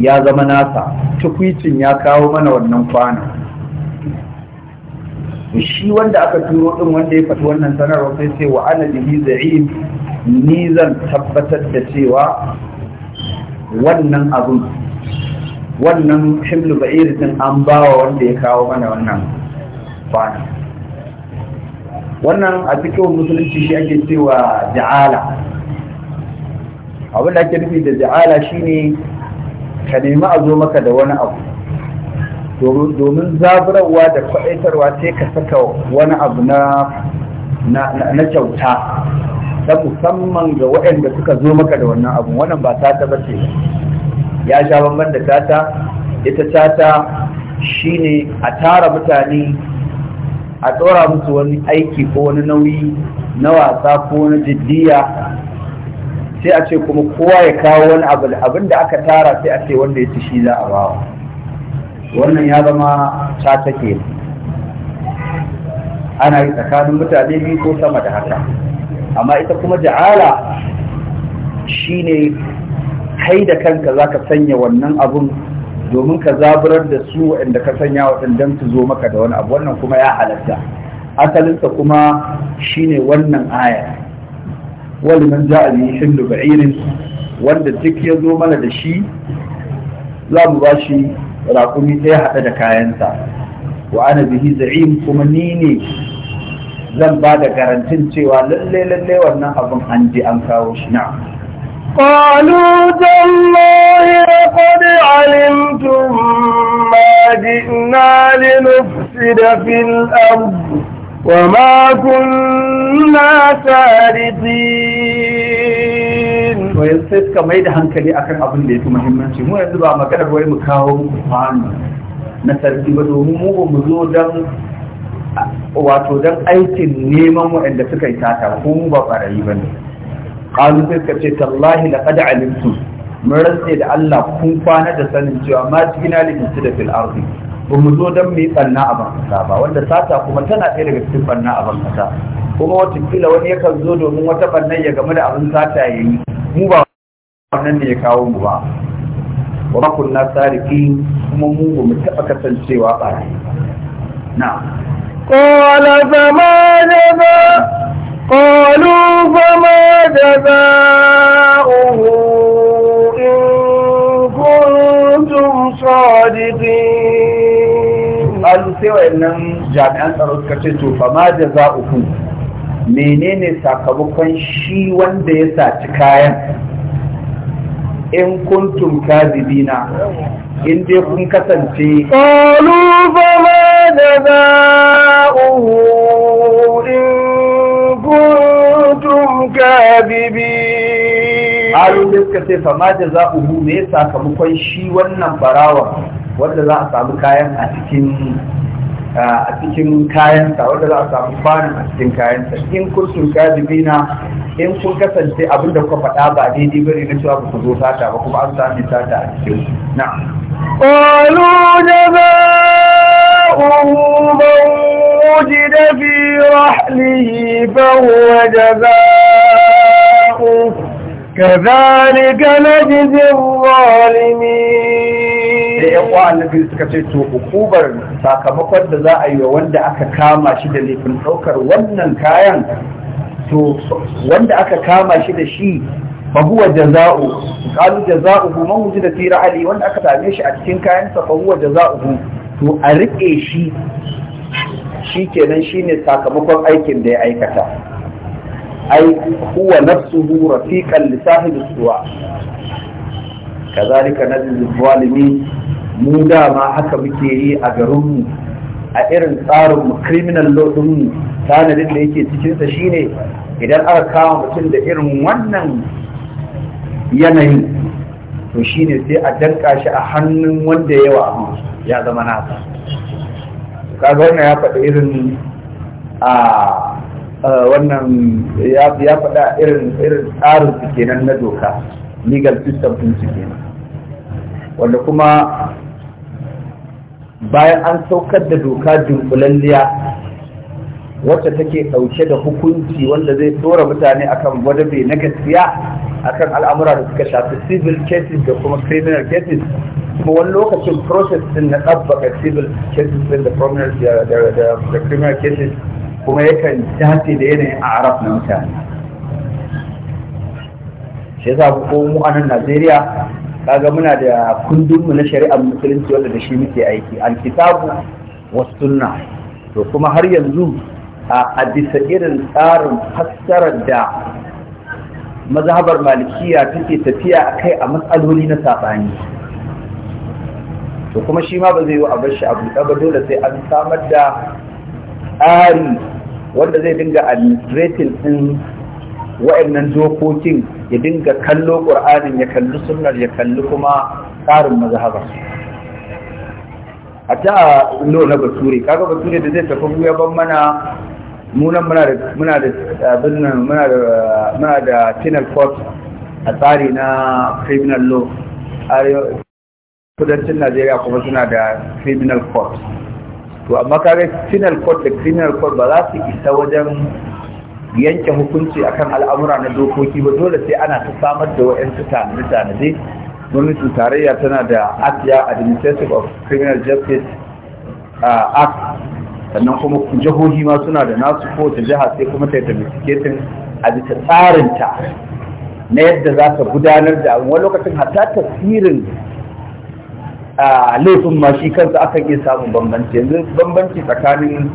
ya zama nasa tukwicin ya kawo mana wannan kwanon. shi wanda aka turo din wanda ya faɗi wannan sanarwa sai sai wa jihi za'in. ni zan tabbatar da cewa wannan abun wannan himlu ba'ir din an bawa wanda ya kawo mana wannan kwana wannan a cikin musulunci shi ake cewa ja'ala abin da ake nufi da ja'ala ne ka nemi a zo maka da wani abu domin zaburarwa da kwaɗaitarwa sai ka saka wani abu na kyauta ta musamman ga waɗanda suka zo maka da wannan abu wannan ba ta ba ce ya sha bambam da tata ita tata shine a tara mutane a tsora musu wani aiki ko wani nauyi na wasa ko na jiddiya sai a ce kuma kowa ya kawo wani abu abin da aka tara sai a ce wanda ya ci shi za a bawa wannan ya zama tata ke ana yi tsakanin mutane biyu ko sama da haka amma ita kuma ja'ala shine kai da kanka zaka sanya wannan abun domin ka zaburar da su waɗanda ka sanya waɗandan su zo maka da wani abu wannan kuma ya halatta asalinsa kuma shine wannan aya wani man ja'a bi hindu ba'irin wanda duk ya zo mana da shi za mu ba shi raƙumi ɗaya haɗe da kayansa wa ana bihi za'im kuma ni ne zan ba da garantin cewa lalle lalle wannan abin an ji an kawo shi na قالوا تالله لقد علمتم ما جئنا لنفسد في الأرض وما كنا سارقين ويل sai suka mai da hankali akan abin da ya fi muhimmanci mu yanzu ba maganar wai mu kawo muku kwano na sarki ba domin mu ba mu zo don wato don aikin neman waɗanda suka yi tata ko mu ba barayi ba ne kalu sai suka ce tallahi laqad alimtu mun rantse da Allah kun kwana da sanin cewa ma jina li da fil ba mu zo don mu ɓanna a bankasa ba wanda sata kuma tana ɗaya daga cikin ɓanna a bankasa kuma watakila wani yakan zo domin wata ɓannan ya game da abin sata ya yi mu ba wannan ne ya kawo mu ba wa ma kunna sariki kuma mu ba mu taɓa kasancewa ɓarayi na قال فما جزاء قالوا فما جزاؤه إن كنتم صادقين قالوا سوى jami'an suka ce to da za uku menene sakamakon shi wanda ya saci kayan in kuntum kadibina in dai kun kasance qalu fa ma jazaa'uhu in kuntum kadibi qalu suka ce fa ma jazaa'uhu me sakamakon shi wannan barawa wanda za a samu kayan a cikin a cikin kayansa wanda za a samu banin a cikin kayansa in kazi kadibina in kun kasance abin da kuka faɗa ba daidai bane na cewa ba ku zo sata ba kuma an sami sata a cikin na qalu fi rahlihi fa huwa فهو kadhalika najzi نجزي الظالمين yan uwa annabi suka ce to hukubar sakamakon da za a yi wa wanda aka kama shi da laifin ɗaukar wannan kayan to wanda aka kama shi da shi fa huwa jaza'u qalu jaza'uhu man wujida fi ra'ali wanda aka same shi a cikin kayan sa fa huwa jaza'uhu to a rike shi shikenan shine sakamakon aikin da ya aikata ai huwa nafsuhu rafiqan li sahibi suwa كذلك نجد الظالمين mu dama haka muke yi a garinmu a irin tsarinmu criminal law tanadin da yake cikinsa shine idan aka kama mutum da irin wannan yanayi to shine sai a danka shi a hannun wanda yawa abu ya zama nasa kaga wannan ya faɗa irin a wannan ya faɗa irin irin tsarin su kenan na doka legal system din su kenan wanda kuma bayan an saukar da doka dunkulalliya wacce take ɗauke da hukunci wanda zai tsora mutane akan wadabe na gaskiya akan al'amura da suka shafi civil cases da kuma criminal cases kuma wani lokacin process din na ɗabbaka civil cases din da criminal da cases kuma yakan dace da yanayin a arab na mutane shi yasa ko mu a nan Najeriya kaga muna da kundin mu na shari'ar musulunci wanda da shi muke aiki alkitabu wa sunna to kuma har yanzu a bisa irin tsarin fassarar da mazhabar malikiya take tafiya a kai a matsaloli na sabani to kuma shi ma ba zai yi a bar shi a buɗe ba dole sai an samar da tsari wanda zai dinga administrating din wa'annan dokokin ya dinga kallo ƙur'anin ya kalli sunnar ya kalli kuma tsarin mazhabar a ta lo na bature kaga bature da zai tafi ya ban mana munan muna da muna da abinnan muna da muna da penal court a tsari na criminal law kudancin Najeriya kuma suna da criminal court to amma kaga penal court da criminal court ba za su isa wajen yanke hukunci akan al'amura na dokoki ba dole sai ana ta samar da wa'yansu tanade-tanade gwamnatin tarayya tana da asiya administrative of criminal justice act sannan kuma jihohi ma suna da nasu kowace jiha sai kuma ta yi domesticating a bisa tsarinta na yadda za ta gudanar da abin wani lokacin hatta tasirin laifin ma shi kansa akan iya samun bambanci yanzu bambanci tsakanin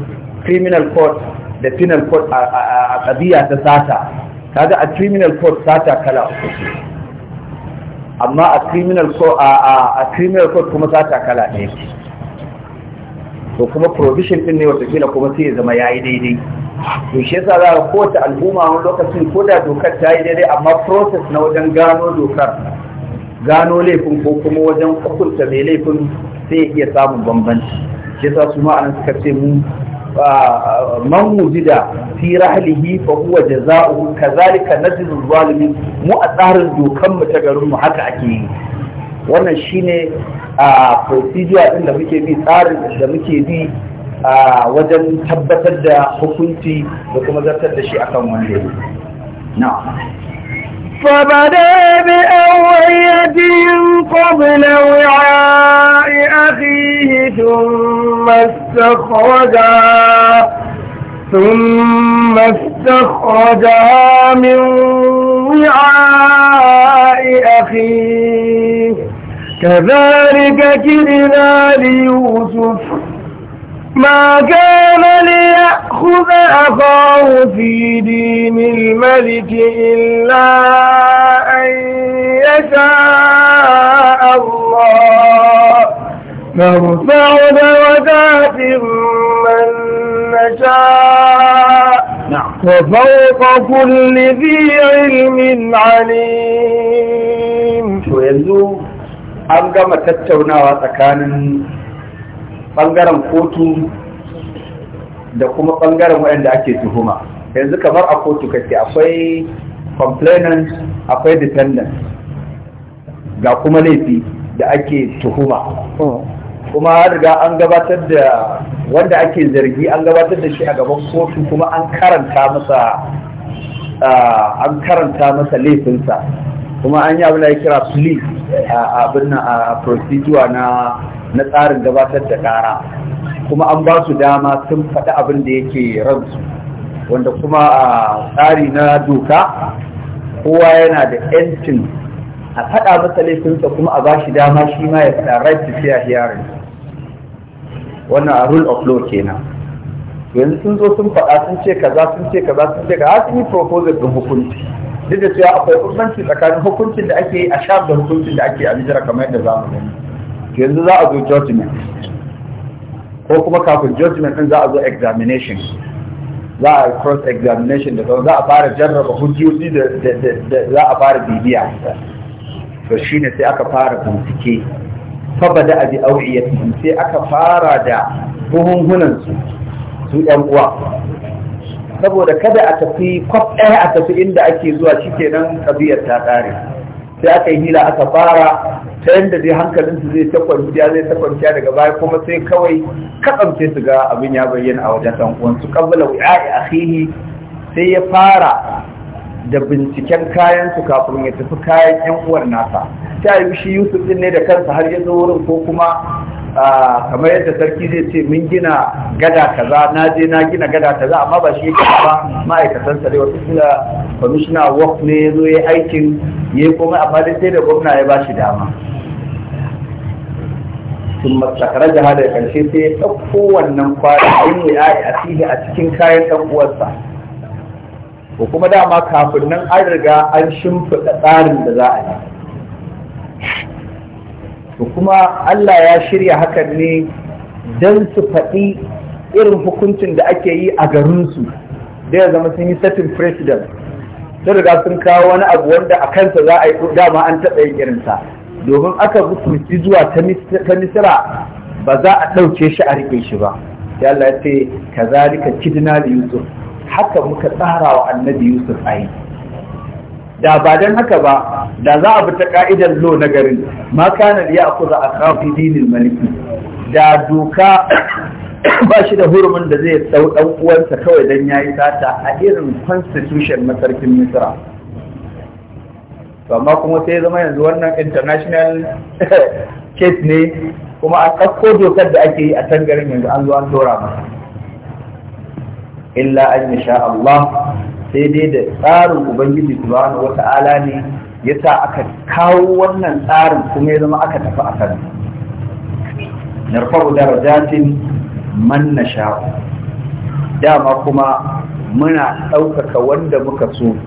criminal court da penal court a ƙabiya ta sata kaga a criminal court sata kala uku ce amma a criminal court a criminal kuma sata kala ɗaya ce to kuma provision din ne watakila kuma sai ya zama yayi daidai to shi yasa za ka kowace al'umma wani lokacin ko da dokar ta yi daidai amma process na wajen gano dokar gano laifin ko kuma wajen hukunta mai laifin sai ya iya samun bambanci shi yasa su ma'anar suka ce mu man wujida fi rahlihi fa huwa jazaohu kazalika najzul zalimin mu a tsarin dokan mu ta garin mu haka ake yi wannan shine a procedure din da muke bi tsarin da muke bi wajen tabbatar da hukunci da kuma zartar da shi akan wanda فبدا بأويتهم قبل وعاء أخيه ثم استخرجا ثم استخرجا من وعاء أخيه كذلك كرنا ليوسف ما كان ليأخذ أخاه في دين الملك إلا أن يشاء الله نرفع درجات من نشاء نعم. وفوق كل ذي علم عليم شو يبدو أبقى ما تتونا وتكانن bangaren kotu da kuma bangaren waɗanda ake tuhuma yanzu kamar a kotu kake akwai complainant akwai defendant ga kuma laifi da ake tuhuma kuma riga an gabatar da wanda ake zargi an gabatar da shi a gaban kotu kuma an karanta masa an karanta masa laifinsa kuma an yi abin da ya kira police a abin a procedure na na tsarin gabatar da ƙara kuma an ba su dama sun faɗi abin da yake ransu wanda kuma a tsari na doka kowa yana da 'yancin a faɗa masa laifinsa kuma a ba shi dama shi ma ya faɗa right to a hearing wannan a rule of law kenan yanzu sun zo sun faɗa sun ce ka za sun ce ka za sun ce ka sun yi proposal ɗin hukunci duk da cewa akwai bambanci tsakanin hukuncin da ake yi a sha da hukuncin da ake a kamar yadda za mu gani yanzu za a zo judgment ko kuma kafin judgment din za a zo examination za a cross examination da za a fara jarraba hujjoji da za a fara bibiya to shine sai aka fara bincike fabada abi awiyatihim sai aka fara da buhunhunan su su yan uwa saboda kada a tafi kwaf ɗaya a tafi inda ake zuwa shi nan kabiyar ta ƙare sai aka yi hila aka fara ta yadda dai hankalinsu zai ta kwanciya zai ta kwanciya daga baya kuma sai kawai kasance su ga abin ya bayyana a wajen dan uwansu wuya wi'a'i akhihi sai ya fara da binciken kayan su kafin ya tafi kayan yan uwar nasa ta yi shi Yusuf din ne da kansa har ya zo wurin ko kuma kamar yadda sarki zai ce mun gina gada kaza na je na gina gada kaza amma ba shi yake ba ma'aikatan sa dai wasu kila commissioner work ne ya zo ya aikin ya komai amma dai sai da gwamna ya ba shi dama sun kare da hada karshe sai ya ɗauko wannan kwari in ya yi asiri a cikin kayan ɗan uwarsa ko kuma dama kafin nan an riga an shimfiɗa tsarin da za a yi to kuma Allah ya shirya hakan ne don su faɗi irin hukuncin da ake yi a garinsu da ya zama sun yi satin president sun riga sun kawo wani abu wanda a kansa za a yi dama an taɓa yin irinsa domin aka hukunci zuwa ta misira ba za a ɗauke shi a riƙe shi ba ya Allah ya ce ka zalika yusuf haka muka tsara wa annabi yusuf a da ba don haka ba da za a bi ta ka'idar lo na garin ma kana ya akuza a kafi dinin maliki da doka *coughs* ba shi da hurumin da zai tsau dan uwansa kawai dan yayi sata a irin constitution na sarkin misra amma kuma sai zama yanzu wannan international *coughs* case ne kuma a ɗauko dokar da ake yi a tangarin yanzu an zo an dora masa illa an yasha Allah sai dai da tsarin ubangiji subhanahu wata'ala ne ya sa aka kawo wannan tsarin kuma ya zama aka tafi a kan narfaru darajatin man nasha'u dama kuma muna ɗaukaka wanda muka so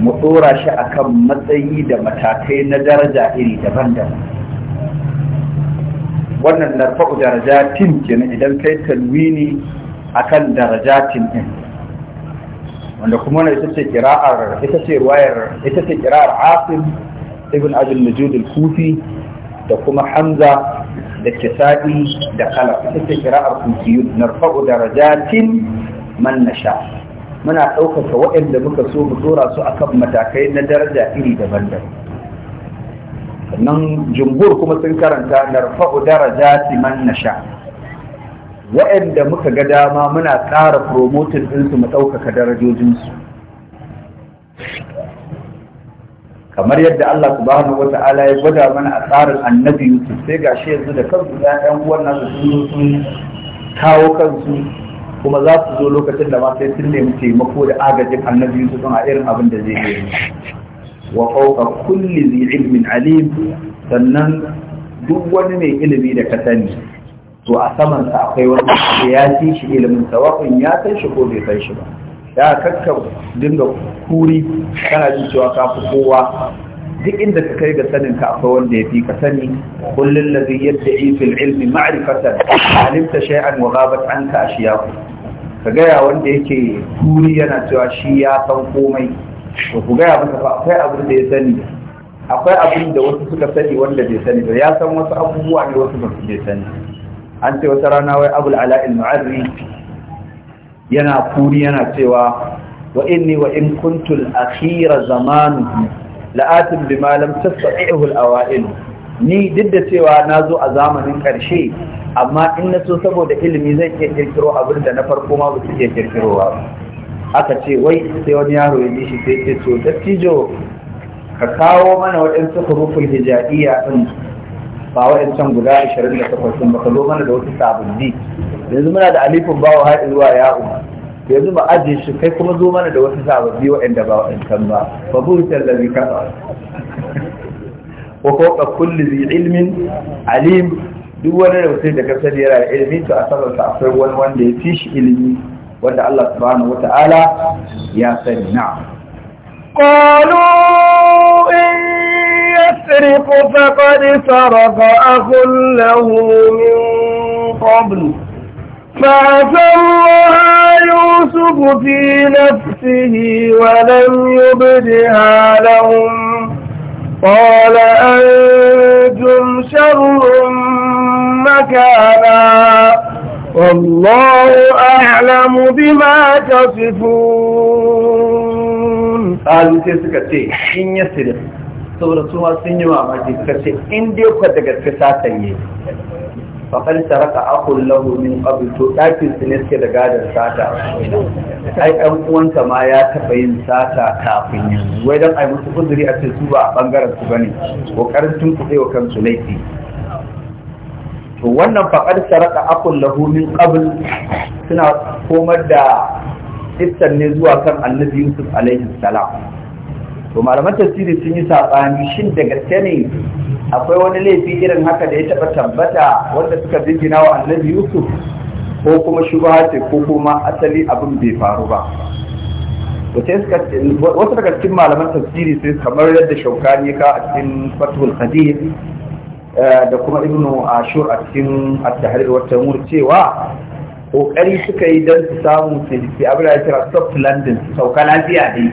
mu ɗora shi akan matsayi da matakai na daraja iri daban-daban wannan narfa'u darajatin kenan idan kai talwini akan darajatin ɗin wanda kuma wannan ita ce kira'ar ita ce ruwayar ita ce kira'ar Asim ibn Abdul Najud al-Kufi da kuma Hamza da Kisa'i da kala ita ce kira'ar Kufiyun narfa'u darajatin man nasha muna ɗaukaka waɗanda muka so mu tsora su akan matakai na daraja iri daban-daban sannan jumhur kuma sun karanta narfa'u darajati man nasha waɗanda muka ga dama muna ƙara promoting ɗinsu mu ɗaukaka darajojinsu kamar yadda Allah subhanahu wa ta'ala ya gwada mana a tsarin annabi Yusuf sai ga shi yanzu da kansu ɗan uwan nasu sun zo sun kawo kansu kuma za su zo lokacin da ma sai sun nemi taimako da agajin annabi Yusuf don a irin abin da zai yi wa fawqa kulli zi ilmin alim sannan duk wani mai ilimi da ka sani to a saman sa akwai wani da ya ci shi ilimin sawafin ya san shi ko bai san shi ba ya kakka dinga kuri kana jin cewa ka fi kowa duk inda ka kai ga sanin ka akwai wanda ya fi ka sani kullun ladhi yad'i fil ilmi ma'rifatan alimta shay'an wa ghabat anka ashiyaku ka gaya wanda yake kuri yana cewa shi ya san komai to ku gaya masa fa akwai abin da ya sani akwai abin da wasu suka sani wanda bai sani ba ya san wasu abubuwa ne wasu ba su bai sani an ce wata rana wai abul ala'il ma'arri yana kuri yana cewa wa inni wa in kuntul akhira zamanu la'atin bima lam tastati'hu al-awa'il ni duk da cewa na zo a zamanin ƙarshe, amma in na so saboda ilimi zai iya kirkiro abin da na farko ma ba su iya kirkirowa aka ce wai sai wani yaro ya ji shi sai ce to dattijo ka kawo mana waɗansu hurufin hijabiya din ba can guda 28 sun baka zo mana da wasu sababbi yanzu muna da alifin bawa har zuwa ya'u yanzu ba aje shi kai kuma zo mana da wasu sababbi wa'anda ba wa'ancan ba fa buhutar da kafa wa fawqa kulli zai ilmin alim duk wani da mutum da ka sani yana da ilimi to a sabarsa akwai wani wanda ya fi shi ilimi wanda Allah subhanahu wata'ala ya sani na'am قالوا إن يسرق فقد سرق أخ له من قبل فعسى الله يوسف في نفسه ولم يبدها لهم قال أنتم شر مكانا والله أعلم بما تصفون tsalu sai suka ce in ya sirif saboda su ma sun yi mamaki suka ce in dai kwa da gaske satan yi fakar saraka akun lahu min qabl to dakin su ne suke da gadar sata ai ɗan uwanta ma ya taɓa yin sata kafin yanzu wai dan ai musu uzuri a ce su ba a bangaren su bane kokarin tun kuɗe wa kansu laifi to wannan faƙar saraka akun lahu min qabl suna komar da kissan ne zuwa kan annabi yusuf alaihi salam to malaman tafsiri sun yi sabani shin da gaske ne akwai wani laifi irin haka da ya taba tabbata wanda suka jingina wa annabi yusuf ko kuma shubha ce ko kuma asali abin bai faru ba wasu daga cikin malaman tafsiri sai kamar yadda shaukani ka a cikin fatul hadith eh, da kuma ibnu ashur a cikin at-tahrir wa tamur cewa ƙoƙari suka yi don su samu ciniki abin da ya kira soft landing sauka lafiya ne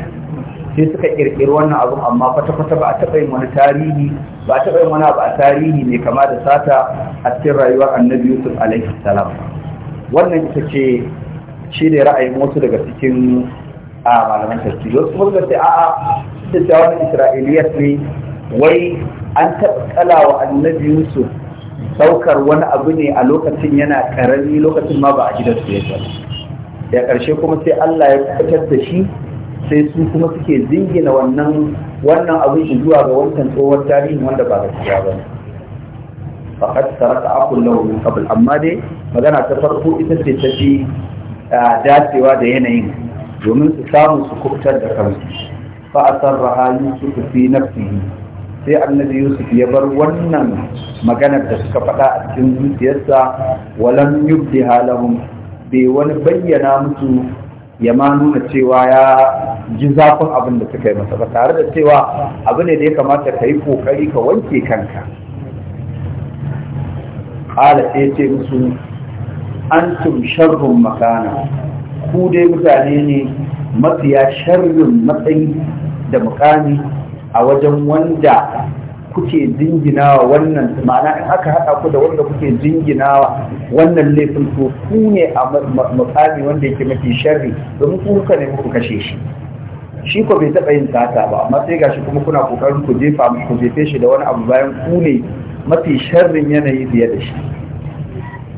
sai suka ƙirƙiri wannan abu? amma kwata-kwata ba a taɓa yin wani tarihi ba a taɓa yin wani abu a tarihi mai kama da sata a cikin rayuwar annabi yusuf alaihi salam wannan ita ce shi ne ra'ayin wasu daga cikin a malaman tafsiri wasu kuma suka ce a'a da cewa wani isra'iliyat ne wai an taɓa wa annabi yusuf saukar wani abu ne a lokacin yana karami lokacin ma ba a gidansu yake ya karshe kuma sai Allah ya fitar da shi sai su kuma suke zingina wannan wannan shi zuwa ga wancan tsohon tarihin wanda ba gaskiya ba ne faqad taraka aqul min qabl amma dai magana ta farko ita ce ta fi dacewa da yanayin domin su samu su kubutar da kansu fa asarraha yusuf fi nafsihi sai annabi yusuf ya bar wannan maganar da suka faɗa a cikin zuciyarsa walam yubdi halahum bai wani bayyana musu ya ma nuna cewa ya ji zafin abin da suka yi masa ba tare da cewa abu ne da ya kamata ka yi kokari ka wanke kanka ƙala sai ce musu an tum sharrun makana ku dai mutane ne mafiya sharrin matsayi da mukami a wajen wanda kuke jingina wannan ma'ana in aka haɗa ku da wanda kuke jinginawa wannan laifin to ku ne a makami wanda yake mafi sharri domin ku kuka ne ku kashe shi shi ko bai taɓa yin sata ba amma sai gashi kuma kuna kokarin ku jefa ku jefe shi da wani abu bayan ku ne mafi sharrin yanayi fiye da shi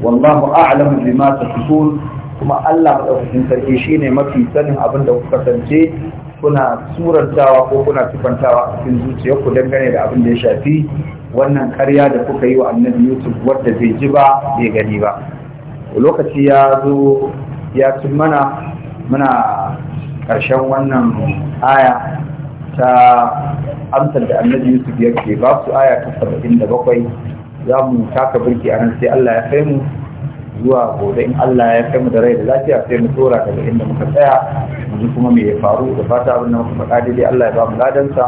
wallahu a'lamu bima tasifun kuma Allah madaukakin sarki shine mafi sanin abin da kuka kasance kuna surantawa ko kuna sifantawa a cikin zuciyarku dangane da abin da ya shafi wannan karya da kuka yi wa annabi yusuf wadda bai ji ba bai gani ba lokaci ya zo ya cin mana muna karshen wannan aya ta amsar da annabi yusuf yake ba su aya ta saba'in da bakwai za mu taka birki a sai allah ya kai mu zuwa gobe in Allah ya kai mu da rai da lafiya sai mu tsora daga inda muka tsaya yanzu kuma me ya faru da fata abin da muka faɗa daidai Allah ya ba mu ladansa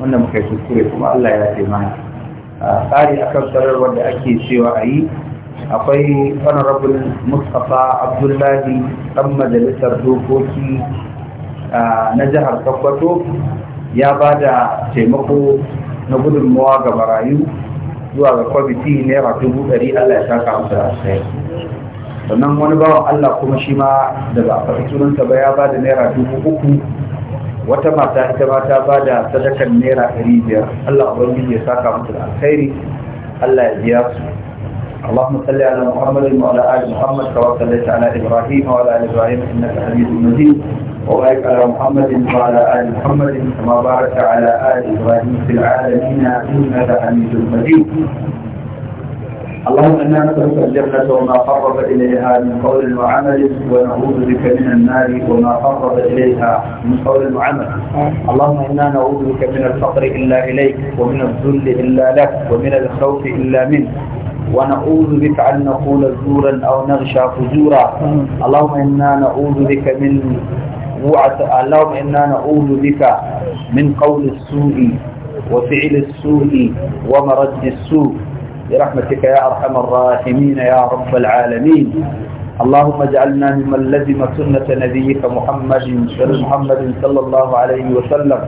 wanda muka yi kuskure kuma Allah ya a tsari akan sarar wanda ake cewa a yi akwai honorable mustafa abdullahi ɗan majalisar dokoki na jihar sokoto ya ba da taimako na gudunmawa ga marayu zuwa ga kwamiti naira dubu ɗari allah ya saka musu da sannan wani bawan Allah kuma shi ma da ba a faɗi sunanta ba ya ba da naira dubu uku wata mata ita ma ta ba da sadakar naira ɗari biyar Allah ubangiji ya saka musu da alkhairi Allah ya biya su اللهم صل على محمد وعلى ال محمد كما صليت على ابراهيم وعلى ال ابراهيم انك حميد مجيد وبارك على محمد وعلى ال محمد كما باركت على ال ابراهيم في العالمين انك حميد مجيد اللهم إنا نسألك الجنة وما قرب إليها من قول وعمل ونعوذ بك من النار وما قرب إليها من قول وعمل اللهم إنا نعوذ بك من الفقر إلا إليك ومن الذل إلا لك ومن الخوف إلا منك ونعوذ بك أن نقول زورا أو نغشى فجورا اللهم إنا نعوذ بك من اللهم إنا نعوذ بك من قول السوء وفعل السوء ومرد السوء برحمتك يا أرحم الراحمين يا رب العالمين اللهم اجعلنا ممن لزم سنة نبيك محمد صلى محمد صلى الله عليه وسلم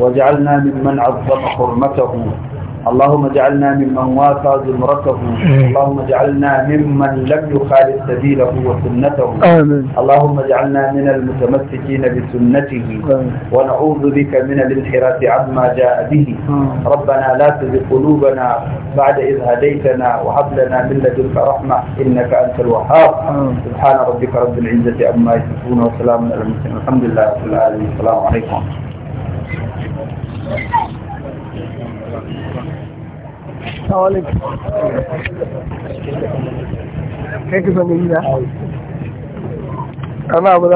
واجعلنا ممن عظم حرمته اللهم اجعلنا ممن وافى زمرته اللهم اجعلنا ممن لم يخالف سبيله وسنته آمين. اللهم اجعلنا من المتمسكين بسنته آمين. ونعوذ بك من الانحراف عما جاء به آمين. ربنا لا تزغ قلوبنا بعد إذ هديتنا وهب لنا من لدنك رحمة إنك أنت الوهاب سبحان ربك رب العزة عما يصفون وسلام على المسلمين الحمد لله رب العالمين السلام عليكم alaikum kai ka zama yi na ana abu